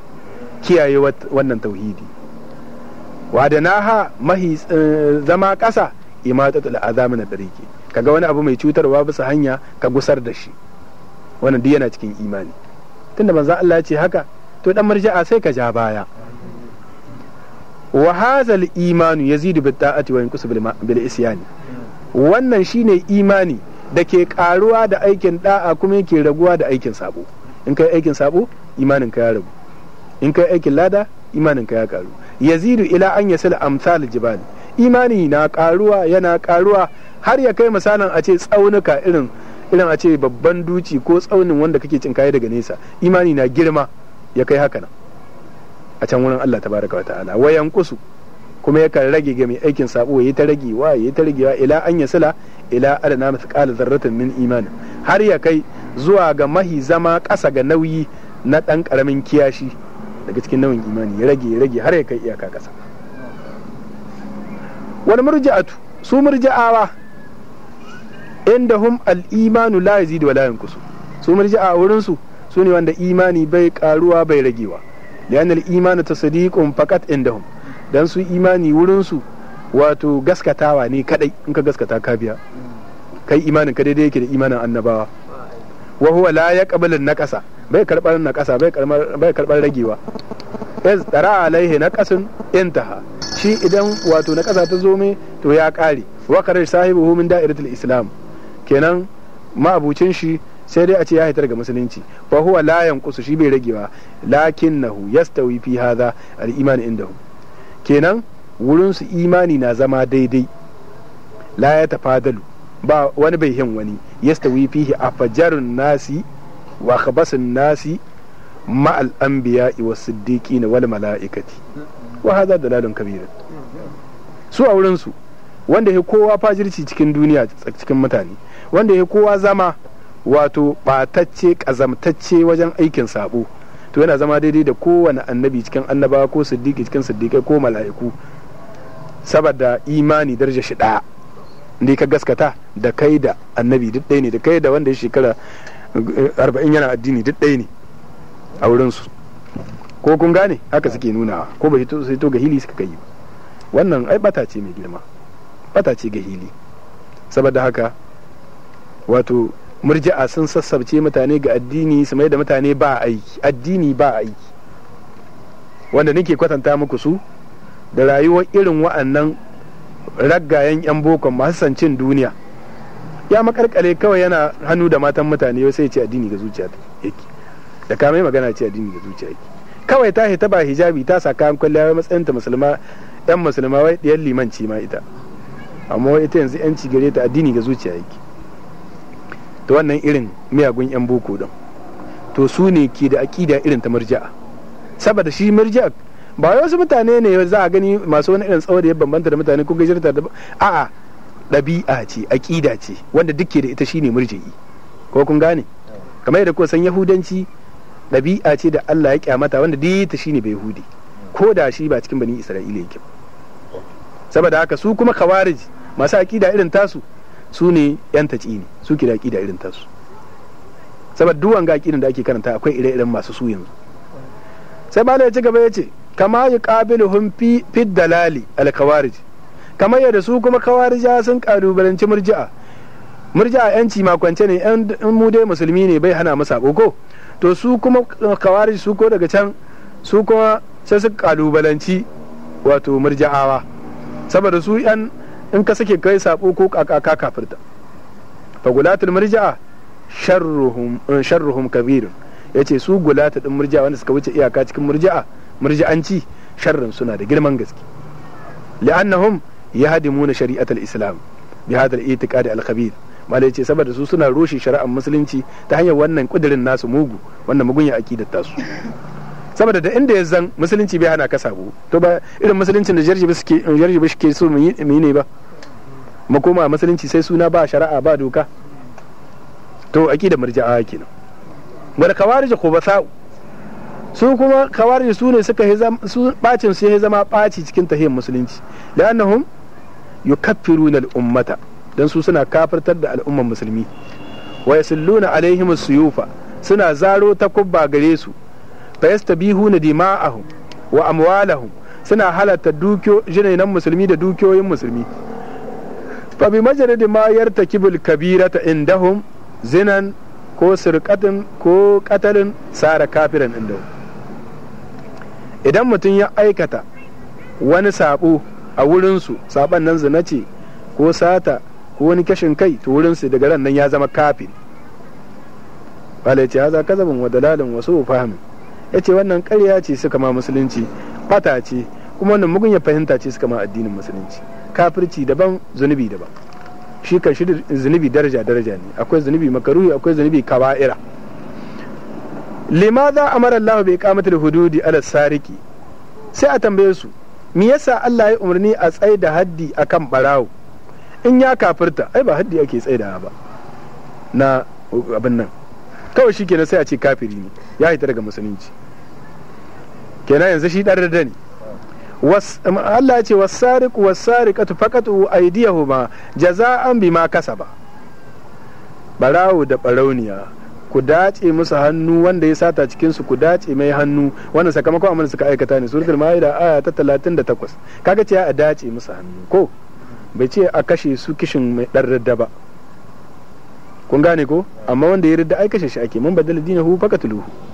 kiyaye wannan tauhidi Wa da ha mahi eh, zama ƙasa da azami na Ka kaga wani abu mai cutarwa bisa hanya ka gusar da shi wannan duk yana cikin imani tunda manzo Allah ya ce haka to dan marja'a sai ka ja baya wa hazal imanu yazidu bit ta'ati wa yanqusu bil isyani wannan shine imani da ke karuwa da aikin da'a kuma yake raguwa da aikin sabo in kai aikin sabo imanin ka ya ragu in kai aikin lada imanin ka ya karu yazidu ila an yasil amsal jibal imani na karuwa yana karuwa har ya kai misalin a ce tsaunuka irin irin a ce babban duci ko tsaunin wanda kake cin kai daga nesa imani na girma ya kai haka nan a can wurin Allah tabaraka wa ta'ala wayan kusu kuma yakan rage ga mai aikin sabo yayi ta ragewa yayi ta ragewa ila an yasila ila adana mithqala zarratin min imani har ya kai zuwa ga mahi zama ƙasa ga nauyi na ɗan ƙaramin kiyashi daga cikin nauyin imani ya rage ya rage har ya kai iyaka ƙasa wani murja'atu su murja'awa inda hum al-imanu la yazid wa la yanqusu su murja'a wurin su sune wanda imani bai karuwa bai ragewa lian al-imanu tasdiqun faqat indahum dan su imani wurin su wato gaskatawa ne kadai in ka gaskata ka biya kai imanin ka daidai yake da imanin annabawa wa huwa la yaqbalu naqasa bai karbar naqasa bai karbar bai karbar ragewa iz tara alaihi naqasun intaha shi idan wato na naqasa ta zo mai to ya kare wa karar sahibihu min da'iratul islam kenan ma'abucin shi sai dai a ce ya haitar ga musulunci fa huwa la yanqusu shi bai ragewa lakin lakinnahu yastawi fi hadha al-iman indahu kenan wurinsu imani na zama daidai la ya tafadalu ba wani bai hin wani yastawi fihi afajarun nasi wa khabasun nasi na wani mala'ikati. wa وهذا dalalun كبير su a wurinsu wanda ya kowa fajirci cikin duniya cikin mutane wanda ya kowa zama wato ɓatacce ƙazamtacce wajen aikin sabo to yana zama daidai da kowane annabi cikin annabawa ko siddiqi cikin siddiqai ko mala'iku saboda imani darje shi daya ne ka gaskata da kai da annabi duk ɗaya ne da kai da wanda ya shekara eh, arba'in yana addini duk ɗaya ne a wurinsu ko kun gane haka suke nunawa ko ba sai to ga hili suka kai wannan ai bata ce mai girma bata ce ga hili saboda haka wato murji'a sun sassabce mutane ga addini su mai da mutane ba aiki addini ba aiki wanda nake kwatanta muku su da rayuwar irin wa'annan raggayen 'yan bokon masu sancin duniya ya makarkale kawai yana hannu da matan mutane yau sai ce addini ga zuciya yake da kamai magana ce addini ga zuciya yake kawai ta hita ba hijabi ta sa kayan kwalliya wai matsayinta musulma yan musulma wai diyan limanci ma ita amma wai ita yanzu yanci gare ta addini ga zuciya yake to wannan irin miyagun yan boko din to su ne ke da aƙida irin ta murja'a saboda shi murja'a ba wai wasu mutane ne za a gani masu wani irin tsawo da ya bambanta da mutane ko gajirta da a'a ɗabi'a ce aƙida ce wanda duke da ita shine murji'i ko kun gane kamar yadda kuka san yahudanci ɗabi'a ce da Allah ya kyamata wanda duk ta shine bai yahudi ko da shi ba cikin bani isra'ila yake saboda haka su kuma khawarij masu aƙida irin tasu su ne yan taci ne su ke da aƙida irin tasu saboda duwan ga aƙidan da ake karanta akwai ire-iren masu su yanzu sai ba ya ci gaba ya ce kama yi hun fi dalali alkawarij kamar yadda su kuma kawarija sun ƙalubalanci murji'a murji'a yanci makwance ne yan mu dai musulmi ne bai hana masa ko to su kuma kawarij su ko daga can su kuma sai su ƙalubalanci wato murji'awa saboda su yan in ka sake kai sabo ko kaka kafirta fagulatul murji'a sharruhum sharruhum kabirun ya ce su gulata ɗin murja wanda suka wuce iyaka cikin murjaa murjaanci sharrin suna da girman gaske li'annahum yahdimuna shari'atul islam bi hadal itiqadi al-khabir malai ce saboda su suna roshi shari'ar musulunci ta hanyar wannan kudirin nasu mugu wannan mugun ya ta su. saboda da inda ya zan musulunci bai hana ka sabo to ba irin musuluncin da jarjibi suke jarjibi suke so mu yi ne ba mu koma musulunci sai suna ba shari'a ba doka to akidar murja'a kenan wal kawarij ko sa'u su kuma kawarij su ne suka su bacin su ya zama baci cikin tahiyyar musulunci la'annahum yukaffiruna al-ummata dan su suna kafirtar da al'ummar musulmi wa yasalluna alaihim suyufa suna zaro ta kubba gare su fa yastabihuna dima'ahum wa amwalahum suna halatta jinainan musulmi da dukiyoyin musulmi fa bi majalidi ma yartakibul kabirata indahum zinan ko sirkatin ko katalin sara kafirin inda idan mutum ya aikata wani sabo a wurinsu saban nan zina ce ko sata ko wani kashin kai to wurinsu daga ran nan ya zama kafin wala ya ce haza kazabin wa dalalin wasu fahimin ya ce wannan karya ce suka ma musulunci fata ce kuma wannan mugun ya fahimta ce suka ma addinin musulunci kafirci daban zunubi daban shi kan shi zunubi daraja daraja ne akwai zunubi makaruhi akwai zunubi kaba'ira limaza amara Allah bai kamata da hududi ala sariki sai a tambaye su me yasa Allah ya umarni a tsaye da haddi akan barawo in ya kafirta ai ba haddi ake tsaye da ba na abin nan kawai shi kenan sai a ce kafiri ne ya hita daga musulunci kenan yanzu shi ɗan ne Um, Allah ya ce wasariq wasariqatu faqatu aydiyahuma jaza'an bima kasaba barawo da barauniya ku dace musu hannu wanda ya sata cikin su ku dace mai hannu wannan sakamakon amana suka aikata ne suratul maida aya ta 38 kaga ce a dace musu hannu ko bai ce a kashe su kishin mai dan ba kun gane ko amma wanda ya rida aikashe shi ake mun badal dinahu faqatuluhu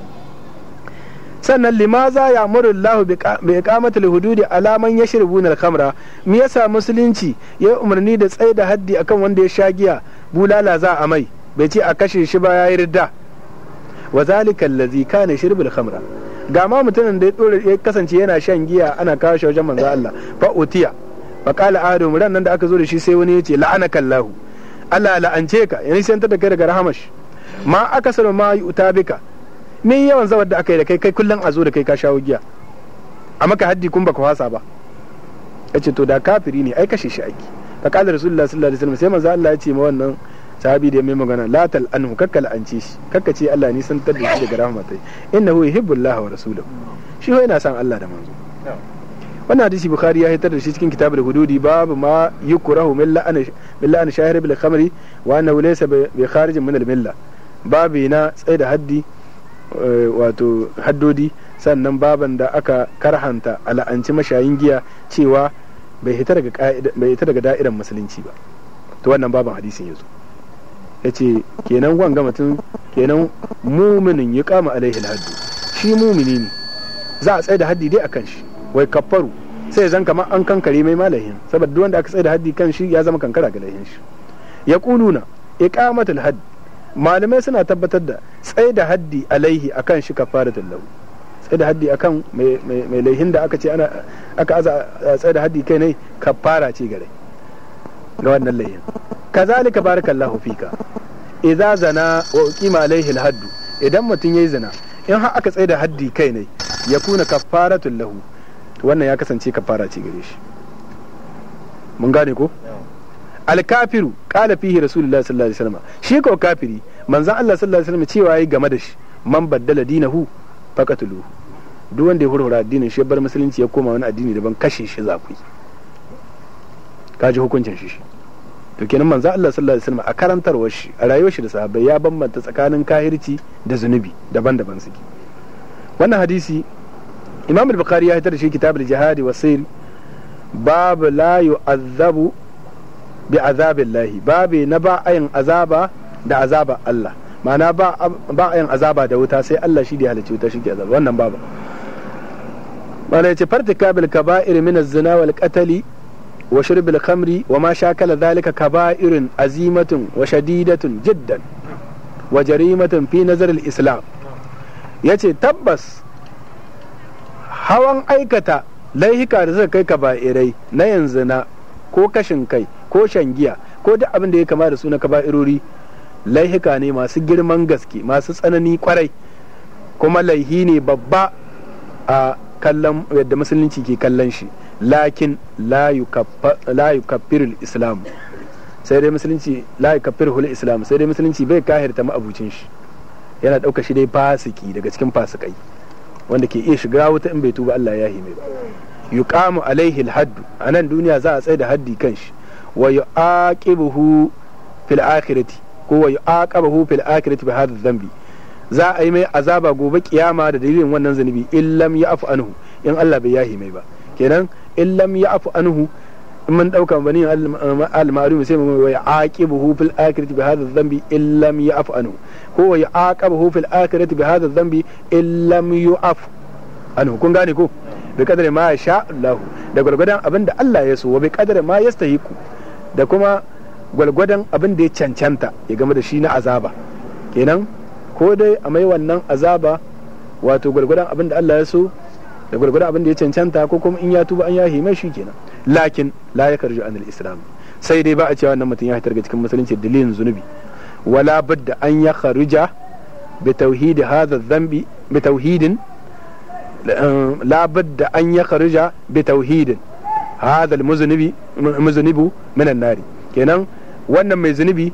sannan limaza ya murullahu bai da hududi alaman ya yashribuna al-khamra me yasa musulunci ya yi umarni da tsaye da haddi akan wanda ya sha giya bulala za a mai bai ce a kashe shi ba ya yi ridda wa zalika allazi kana shirbul khamra ga ma mutumin da ya kasance yana shan giya ana kawo shi wajen manzo Allah fa utiya fa qala adam ran nan da aka zo da shi sai wani yace la'anaka Allah Allah la'ance ka ya sai ta da kai daga rahamash ma aka sanu ma yu'tabika me yawan zawar da aka yi da kai kai kullum a zo da kai ka shawo giya a maka haddi kun baka wasa ba ce to da kafiri ne ai kashe shi aiki ka kala rasulullah sallallahu alaihi wasallam sai manzo Allah ya ce ma wannan sahabi da mai magana la tal anhu kakkal an ce shi kakka ce Allah ni san tar da shi daga rahmatai innahu yuhibbullah wa rasuluhu shi ho yana san Allah da manzo wannan hadisi bukhari ya hitar da shi cikin kitabul hududi babu ma yukrahu min la'an min la'an shahir bil khamri wa annahu laysa bi kharijin min al milla babu na tsaida haddi Eh, wato haddodi sannan baban da aka karhanta ala'anci mashayin giya cewa bai hita daga da'irar musulunci ba to wannan baban hadisin yazo ya ce kenan wanga mutum kenan muminin ya kama alaihi haddu shi mumini ne za a tsaye da haddi dai a kan shi wai kafaru sai zan kamar an kankare mai malahin saboda wanda aka tsaye da haddi kan shi ya zama kankara ga lahin shi ya kununa iqamatul hadd malamai suna tabbatar da tsai da haddi alaihi akan shi kafaratul lahu tsai da haddi akan mai laihin da aka ce ana aka aza eh, tsai da haddi kai ne kafara ce gare ga wannan laihin kazalika barakallahu fika idza zana wa uqima alaihi alhaddu idan mutum yayi zina in har aka tsai da haddi kai ne ya kuna kafaratul lahu wannan ya kasance kafara ce gare shi mun gane ko alkafiru qala fihi rasulullahi sallallahu alaihi wasallam shi ko kafiri manzon Allah sallallahu alaihi wasallam cewa yayi game da shi man baddala dinahu faqatuluhu duk wanda ya hurhura addinin shi bar musulunci ya koma wani addini daban kashe shi za ku yi kaji hukuncin shi to kenan manzo Allah sallallahu alaihi wasallam a karantarwar shi a rayuwar shi da sahabbai ya bambanta tsakanin kahirci da zunubi daban-daban suke wannan hadisi Imam al-Bukhari ya hitar da shi kitab al-jihad wa sayl bab la yu'adhabu bi azabin lahi babe na ba ayin azaba da azaba Allah ma'ana ba ayin azaba da wuta sai Allah shi da halicci wuta shi ke azaba wannan babu mana yace fartika bil kaba'ir min az-zina wal katali wa shirbil al khamri wa ma shakala dhalika irin azimatun wa shadidatun jiddan wa jarimatun fi nazar islam islam ce tabbas hawan aikata laihika da suka kai kaba'irai na yanzu na ko kashin kai ko shan giya ko duk abin da ya kama da su na kaba'irori laihika ne masu girman gaske masu tsanani kwarai kuma laihi ne babba a kallon yadda musulunci ke kallon shi lakin la yukaffirul islam sai dai musulunci islam bai kahirta ma'abucin shi yana ɗauka shi dai fasiki daga cikin fasikai wanda ke iya shiga wuta in bai tuba Allah ya hime ba yuqamu alaihi alhaddu a nan duniya za a tsaye da haddi kan shi wa yu'aqibuhu fil akhirati ko wa yu'aqabahu fil akhirati bi hadha dhanbi za a yi mai azaba gobe kiyama da dalilin wannan zunubi in ya'fu anhu in Allah bai yahi mai ba kenan in ya'fu anhu in mun dauka bani al ma'rum sai mu wa yu'aqibuhu fil akhirati bi hadha dhanbi in ya'fu anhu ko wa yu'aqabahu fil akhirati bi hadha dhanbi in yu'fu anhu kun gane ko bi kadari ma ya sha Allah da gargadan abinda Allah ya so wa bi kadari ma yastahiqu da kuma gwalgwadon abin da ya cancanta ya game da shi na azaba kenan ko dai a mai wannan azaba wato gwalgwadon abin da Allah ya so da gwalgwadon abin da ya cancanta ko kuma in ya tuba an ya hima shi kenan lakin la ya karju anil islam sai dai ba a cewa wannan mutum ya fitar ga cikin musulunci dalilin zunubi wala budda an ya kharuja bi tauhid hadha dhanbi bi tauhidin la eh, budda an ya kharuja bi tauhidin hadha al muznibi muzunibu minan nari kenan wannan mai zunubi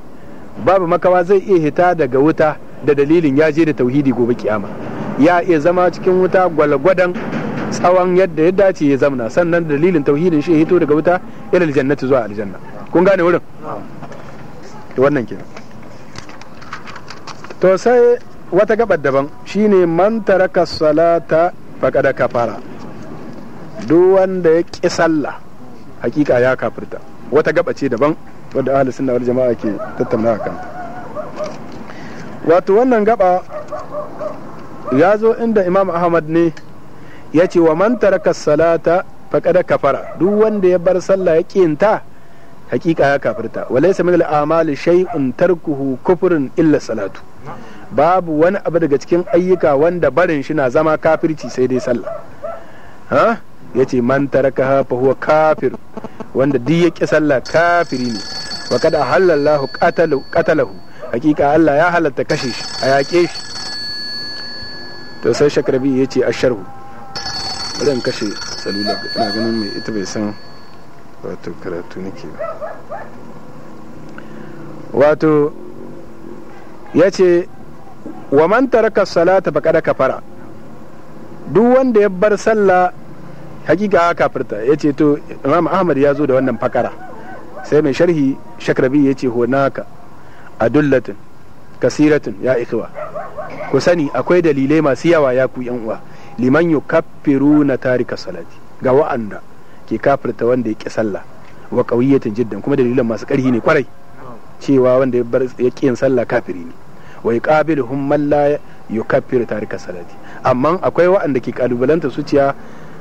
babu makawa zai iya hita daga wuta da dalilin ya je da tauhidi gobe kiyama ya iya zama cikin wuta gwalgwadon tsawon yadda ya dace ya zamna sannan dalilin tauhidin shi ya hito daga wuta ila aljannati zuwa aljanna kun gane wurin to wannan kenan to sai wata gabar daban shine man taraka salata faqad kafara duk wanda ya ki sallah hakika ya kafirta wata gaba ce daban wadda ahli sunna wal jama'a ke tattauna akan wato wannan gaba ya zo inda imam ahmad ne ya ce wa man taraka salata faqad kafara duk wanda ya bar sallah ya kinta hakika ya kafirta walaysa min al-amali shay'un tarkuhu kufrun illa salatu babu wani abu daga cikin ayyuka wanda barin shi na zama kafirci sai dai sallah ha Ya ce man taraka hafa huwa kafir wanda duk ya ƙi sallah kafiri ne wa kad halallahu qatalahu hakika Allah ya halatta kashe shi a yaƙe shi to sai shakrabi ce asharhu bari in kashe salula ina ganin mai ita bai san wato karatu nake ba wato ya ce wa man taraka salata kada kafara duk wanda ya bar sallah hakika kafirta ya ce to imam ahmad ya zo da wannan fakara sai mai sharhi shakrabi ya ce a dullatin kasiratin ya ikiwa ku sani akwai dalilai masu yawa ya ku yan uwa liman kafiru na tarika salati ga wa'anda ke kafirta wanda ya ki sallah wa qawiyatin jiddan kuma dalilan masu karhi ne kwarai cewa wanda ya bar ya ki sallah kafiri ne wa yuqabiluhum man la yukaffiru tarika salati amma akwai wa'anda ke kalubalanta su ciya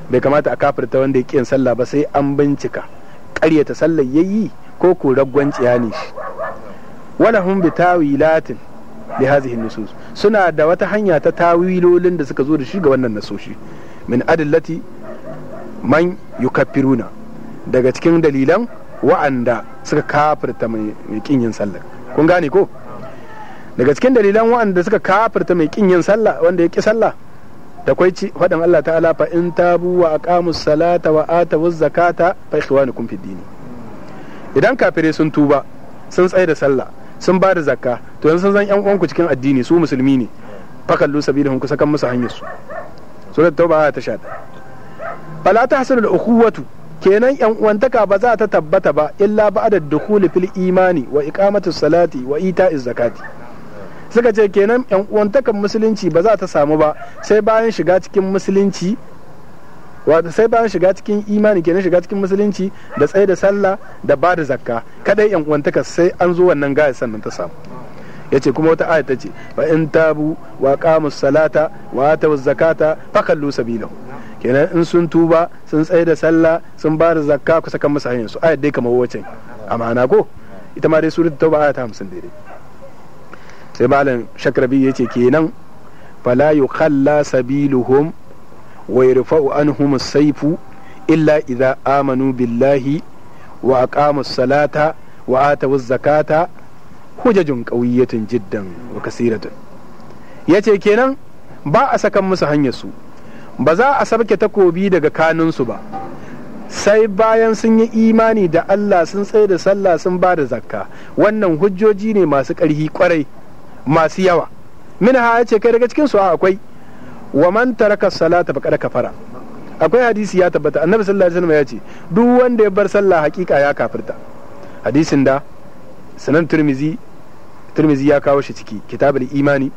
bai kamata a kafirta wanda ya ƙin sallah ba sai an bincika ƙaryata sallar yayi ko ko raggwanciya ne shi wala hun bi tawilatin li hadhihi nusus suna da wata hanya ta tawilolin da suka zo da shi ga wannan nasoshi min adillati man yukaffiruna daga cikin dalilan wa'anda suka kafirta mai kin yin sallah kun gane ko daga cikin dalilan wa'anda suka kafirta mai kin yin sallah wanda ya ki sallah da kwai ci faɗin Allah ta'ala fa in tabu wa aqamu salata wa zakata fa ikhwanukum fid dini idan kafirai sun tuba sun tsaye da sallah sun ba da zakka to yanzu sun zan yan uwanku cikin addini su musulmi ne fakallu sabilahum ku sakan musu hanyar su surat tauba ta 11 fala tahsul al ukhuwatu kenan yan uwantaka ba za ta tabbata ba illa ba'da dukhuli fil imani wa iqamati salati wa ita'iz zakati suka ce kenan yan uwantakan musulunci ba za ta samu ba sai bayan shiga cikin musulunci wato sai bayan shiga cikin imani kenan shiga cikin musulunci da tsaye da sallah da ba da zakka kadai yan uwantaka sai an zo wannan gaya sannan ta samu yace kuma wata ayat ce fa in tabu wa qamu salata wa atu zakata kallu sabilahu kenan in sun tuba sun tsaye da sallah sun ba da zakka ku saka musu hanyar su ayat dai kamar wacce amana ko ita ma dai suratul tauba ta 50 daidai sai malam shakrabi ya ce kenan fala yukhalla sabiluhum wa yarfa'u anhum saifu illa idza amanu billahi wa aqamu salata wa atawu zakata hujajun qawiyatin jiddan wa kasiratan yace kenan ba a sakan musu hanyar su ba za a sabke takobi daga kanunsu ba sai bayan sun yi imani da Allah sun tsaye da sallah sun ba da zakka wannan hujjoji ne masu ƙarfi kwarai masu yawa min ha ce kai daga cikin su akwai wa man taraka salata kada kafara akwai hadisi ya tabbata annabi sallallahu alaihi wasallam ya ce duk wanda ya bar sallah hakika ya kafirta hadisin da sanan turmizi turmizi ya kawo shi ciki kitabul imani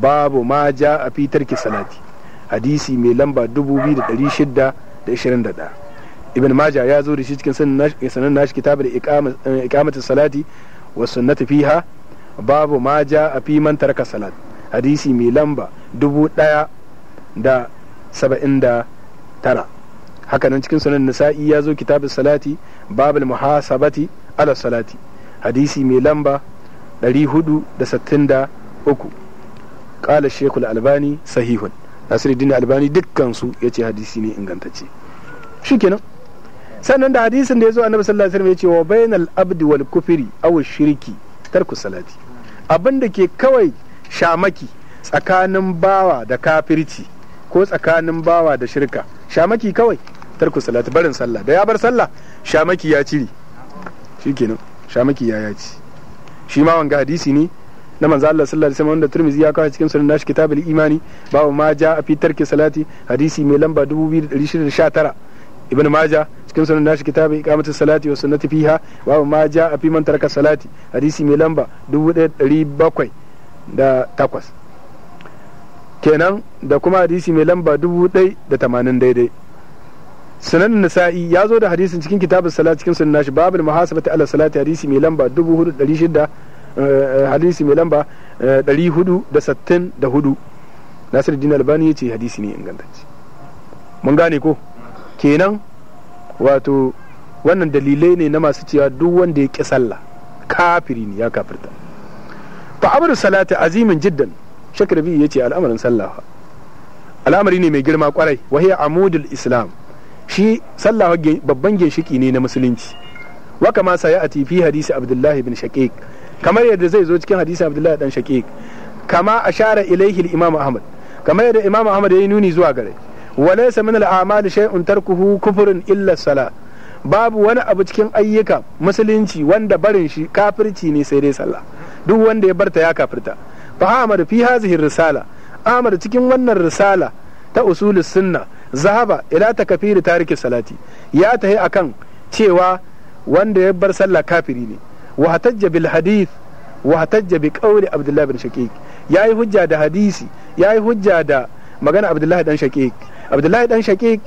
babu ma ja a fitar ki salati hadisi mai lamba 2621 ibn majah ya zo da shi cikin sanan nashi kitabul iqamatus salati wa sunnati fiha babu ma ja a fi mantar tarka salat hadisi mai lamba dubu ɗaya da saba'in da tara hakanan cikin sunan nisa'i ya zo kitabin salati babul muhasabati ala salati hadisi mai lamba ɗari da da uku ƙala shekul albani sahihun nasiruddin albani dukkansu ya ce hadisi ne ingantacce shi kenan sannan da hadisin da ya zo annabi sallallahu alaihi wasallam ya ce wa bainal abdi wal kufri aw shirki tarku salati abin da ke kawai shamaki tsakanin bawa da kafirci ko tsakanin bawa da shirka shamaki kawai tarku salatu barin sallah da ya bar sallah shamaki ya ciri shikenan shamaki ya yaci shi ma wanga hadisi ne na manzo Allah sallallahu alaihi wasallam wanda Tirmidhi ya kawo cikin sunan nashi kitabul imani babu ma ja a fi tarki salati hadisi mai lamba 2619 ibn maja cikin sunan nashi kitabi iqamatu salati wa sunnati fiha wa ma ja fi man taraka salati hadisi mai lamba 1708 kenan da kuma hadisi mai lamba 1080 daidai sunan nasa'i ya zo da hadisin cikin kitabin Salati cikin sunan nashi babul muhasabati ala salati hadisi mai lamba 4600 eh, hadisi mai lamba 464 eh, nasiruddin albani ya ce hadisi ne ingantacce mun gane ko kenan wato wannan dalilai ne na masu cewa duk wanda ya ƙi sallah kafiri ne ya kafirta fa amru salati azimin jiddan bi yace al'amarin sallah al'amari ne mai girma kwarai wa hiya amudul islam shi sallah babban ginshiki ne na musulunci wa kama sayati fi hadisi abdullahi bin shaqiq kamar yadda zai zo cikin hadisi abdullahi dan shaqiq kama ashara ilaihi al-imam ahmad kamar yadda imam ahmad ya yi nuni zuwa gare wa laysa min al-a'mal shay'un tarkuhu kufrun illa salah babu wani abu cikin ayyuka musulunci wanda barin shi kafirci ne sai dai sallah duk wanda ya barta ya kafirta fa amara fi hadhihi risala amara cikin wannan risala ta usulus sunna zahaba ila takfiri tariki salati ya tahi akan cewa wanda ya bar sallah kafiri ne wa hatajja bil hadith wa hatajja bi qawli abdullah bin shaqiq yayi hujja da hadisi yayi hujja da magana abdullahi dan shaqiq abdullahi dan shaqiq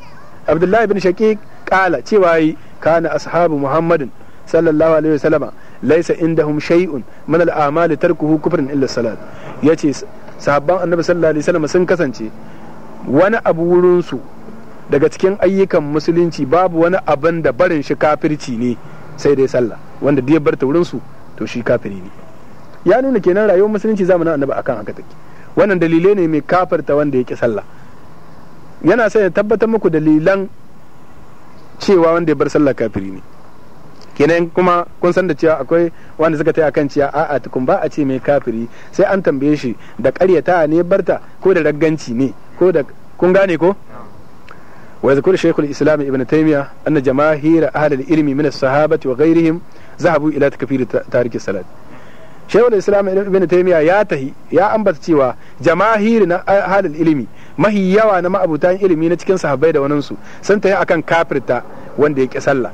abdullahi bin shaqiq kala cewa yi kana ashabu muhammadin sallallahu alaihi wasallama laisa indahum shay'un min al-a'mal tarkuhu kufrin illa salat yace sahabban annabi sallallahu alaihi wasallama sun kasance wani abu wurin su daga cikin ayyukan musulunci babu wani abin da barin shi kafirci ne sai dai sallah wanda da ya bar ta wurin su to shi kafiri ne ya nuna kenan rayuwar musulunci zamanin annabi akan haka take wannan dalilai ne mai kafirta wanda yake sallah yana sai ya tabbatar muku dalilan cewa wanda ya bar sallah kafiri ne kenan kuma kun san da cewa akwai wanda suka taya kan cewa a'a tukun ba a ce mai kafiri sai an tambaye shi da ƙaryata ne barta ko da ragganci ne ko da kun gane ko wa zakur shaykhul islam ibn taymiya anna jamaahir ahli al-ilmi min as-sahabati wa ghayrihim zahabu ila takfir tariki salat da islam ibn taymiya ya tahi ya ambata cewa jamahiri na halin ilimi mahi yawa na ma'abutan ilimi na cikin sahabbai da wanin su sun tahi akan kafirta wanda ya ki sallah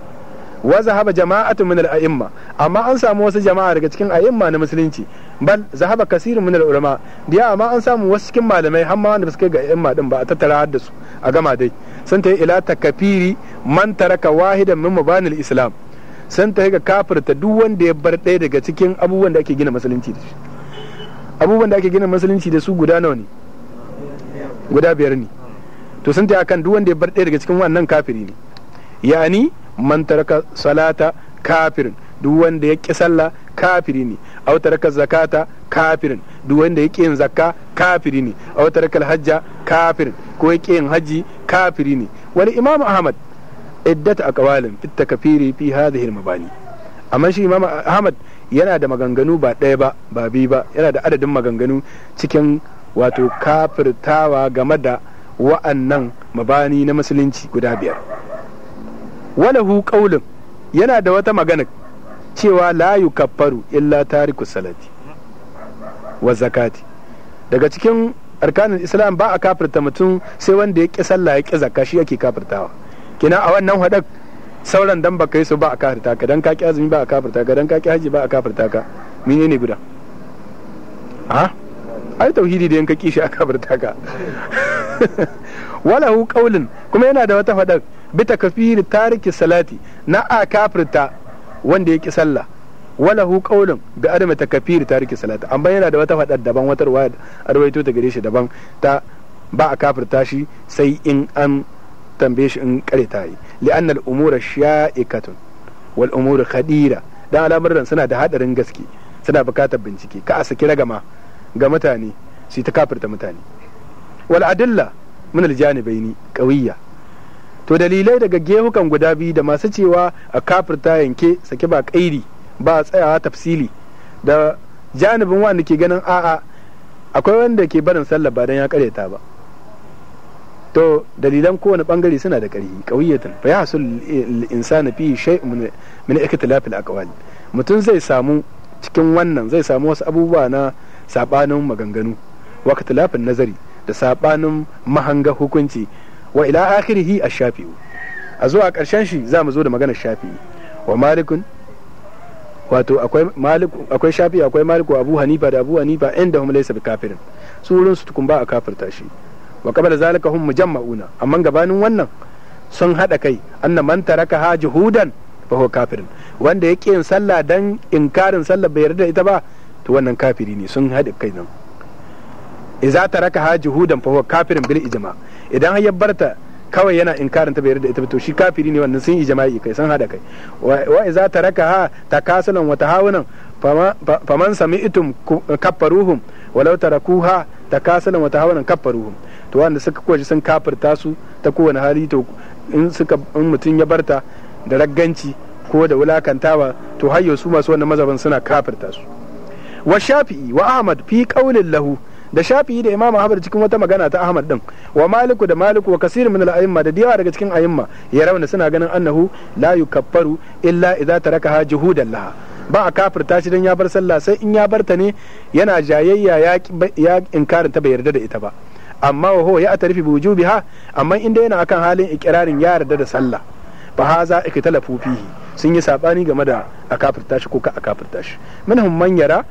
waza zahaba jama'atu min al-a'imma amma an samu wasu jama'a daga cikin a'imma na musulunci bal zahaba kasirun min al-ulama biya amma an samu wasu cikin malamai har ma wanda suka ga a'imma din ba a tattara har da su a gama dai sun tahi ila takafiri man taraka wahidan min mabanil islam san ta ga kafirta duk wanda ya bar ɗaya daga cikin abubuwan da ake gina masalinci da su abubuwan da ake gina masalinci da su guda nawa ne guda biyar ne to san ta kan duk wanda ya bar ɗaya daga cikin wannan kafiri ne yani man taraka salata kafirin duk wanda ya ƙi sallah kafiri ne aw taraka zakata kafirin duk wanda ya ƙi yin zakka kafiri ne aw taraka hajja kafirin ko ya ƙi yin haji kafiri ne wani imam ahmad iddata aqwalin fit takfiri fi hadhihi al-mabani amma shi imam ahmad yana da maganganu ba ɗaya ba ba biyu ba yana da adadin maganganu cikin wato kafirtawa game da wa'annan mabani na musulunci guda biyar walahu qaulun yana da wata magana cewa la yukaffaru illa tariku salati wa zakati daga cikin arkanin islam ba a kafirta mutum sai wanda ya ƙi sallah ya ƙi zakka shi yake kafirtawa kina a wannan hadak sauran dan baka yi su ba a kafirta ka dan kaki azumi ba a kafirta ka dan kaki haji ba a kafirta ka ne guda ha ai tauhidi da yanka kishi a kafirta ka walahu qaulin kuma yana da wata hadak bi kafiri tariki salati na a kafirta wanda yake sallah walahu qaulin bi adama kafiri tariki salati amma yana da wata fadar daban wata ruwaya arwaito ta gare shi daban ta ba a kafirta shi sai in an tambaye shi in kare ta yi li'anna al'umura sha'ikatun wal umuru khadira dan al'amuran suna da hadarin gaske suna bukatar bincike ka asa kira gama ga mutane su ta kafirta mutane wal adilla min al janibaini qawiyya to dalilai daga gehukan guda biyu da masu cewa a kafirta yanke sake ba kairi ba tsayawa tafsili da janibin wanda ke ganin a'a akwai wanda ke barin sallah ba dan ya ta ba to dalilan kowane bangare suna da ƙarfi ƙauyatan fa yahsul na fi shay'un min ikhtilaf al-aqwal mutum zai samu cikin wannan zai samu wasu abubuwa na sabanin maganganu wa ikhtilafin nazari da sabanin mahanga hukunci wa ila akhirihi ash shafi. a zuwa ƙarshen shi za mu zo da maganar shafi wa malikun wato akwai malik akwai shafi akwai maliku abu hanifa da abu hanifa inda hum laysa bi kafirin su wurin su tukun ba a kafirta shi wa kabala zalika hum mujamma'una amma gabanin wannan sun hada kai anna man taraka ha juhudan fa huwa kafirin wanda ya yin sallah dan inkarin sallah bai yarda ita ba to wannan kafiri ne sun hada kai nan idza taraka ha juhudan fa huwa kafirin bil ijma idan har ya barta kawai yana inkarin ta bai yarda ita ba to shi kafiri ne wannan sun ijma'i kai sun hada kai wa idza taraka ha takasulan wa tahawunan faman sami'tum kaffaruhum walau tarakuha takasulan wa tahawunan kaffaruhum to wanda suka kwashi sun kafirta su ta kowane hali to in suka in mutum ya barta da ragganci ko da wulakantawa to yau su masu wannan mazhaban suna kafirta su wa shafi'i wa ahmad fi qaulin lahu da shafi'i da imamu ahmad cikin wata magana ta ahmad din wa maliku da maliku wa kasir min al-a'imma da diyawa daga cikin a'imma ya rauna suna ganin annahu la yukaffaru illa idza tarakaha juhudan laha ba a kafirta shi dan ya bar sallah sai in ya barta ne yana jayayya ya inkarin ta bai yarda da ita ba amma wa ho ya tarifi buju biha amma inda yana akan halin ikirarin ya yarda da sallah ba ha za a ikhtalafu fihi sun yi saɓani game da a kafirta shi ko ka a kafirta shi minhum yara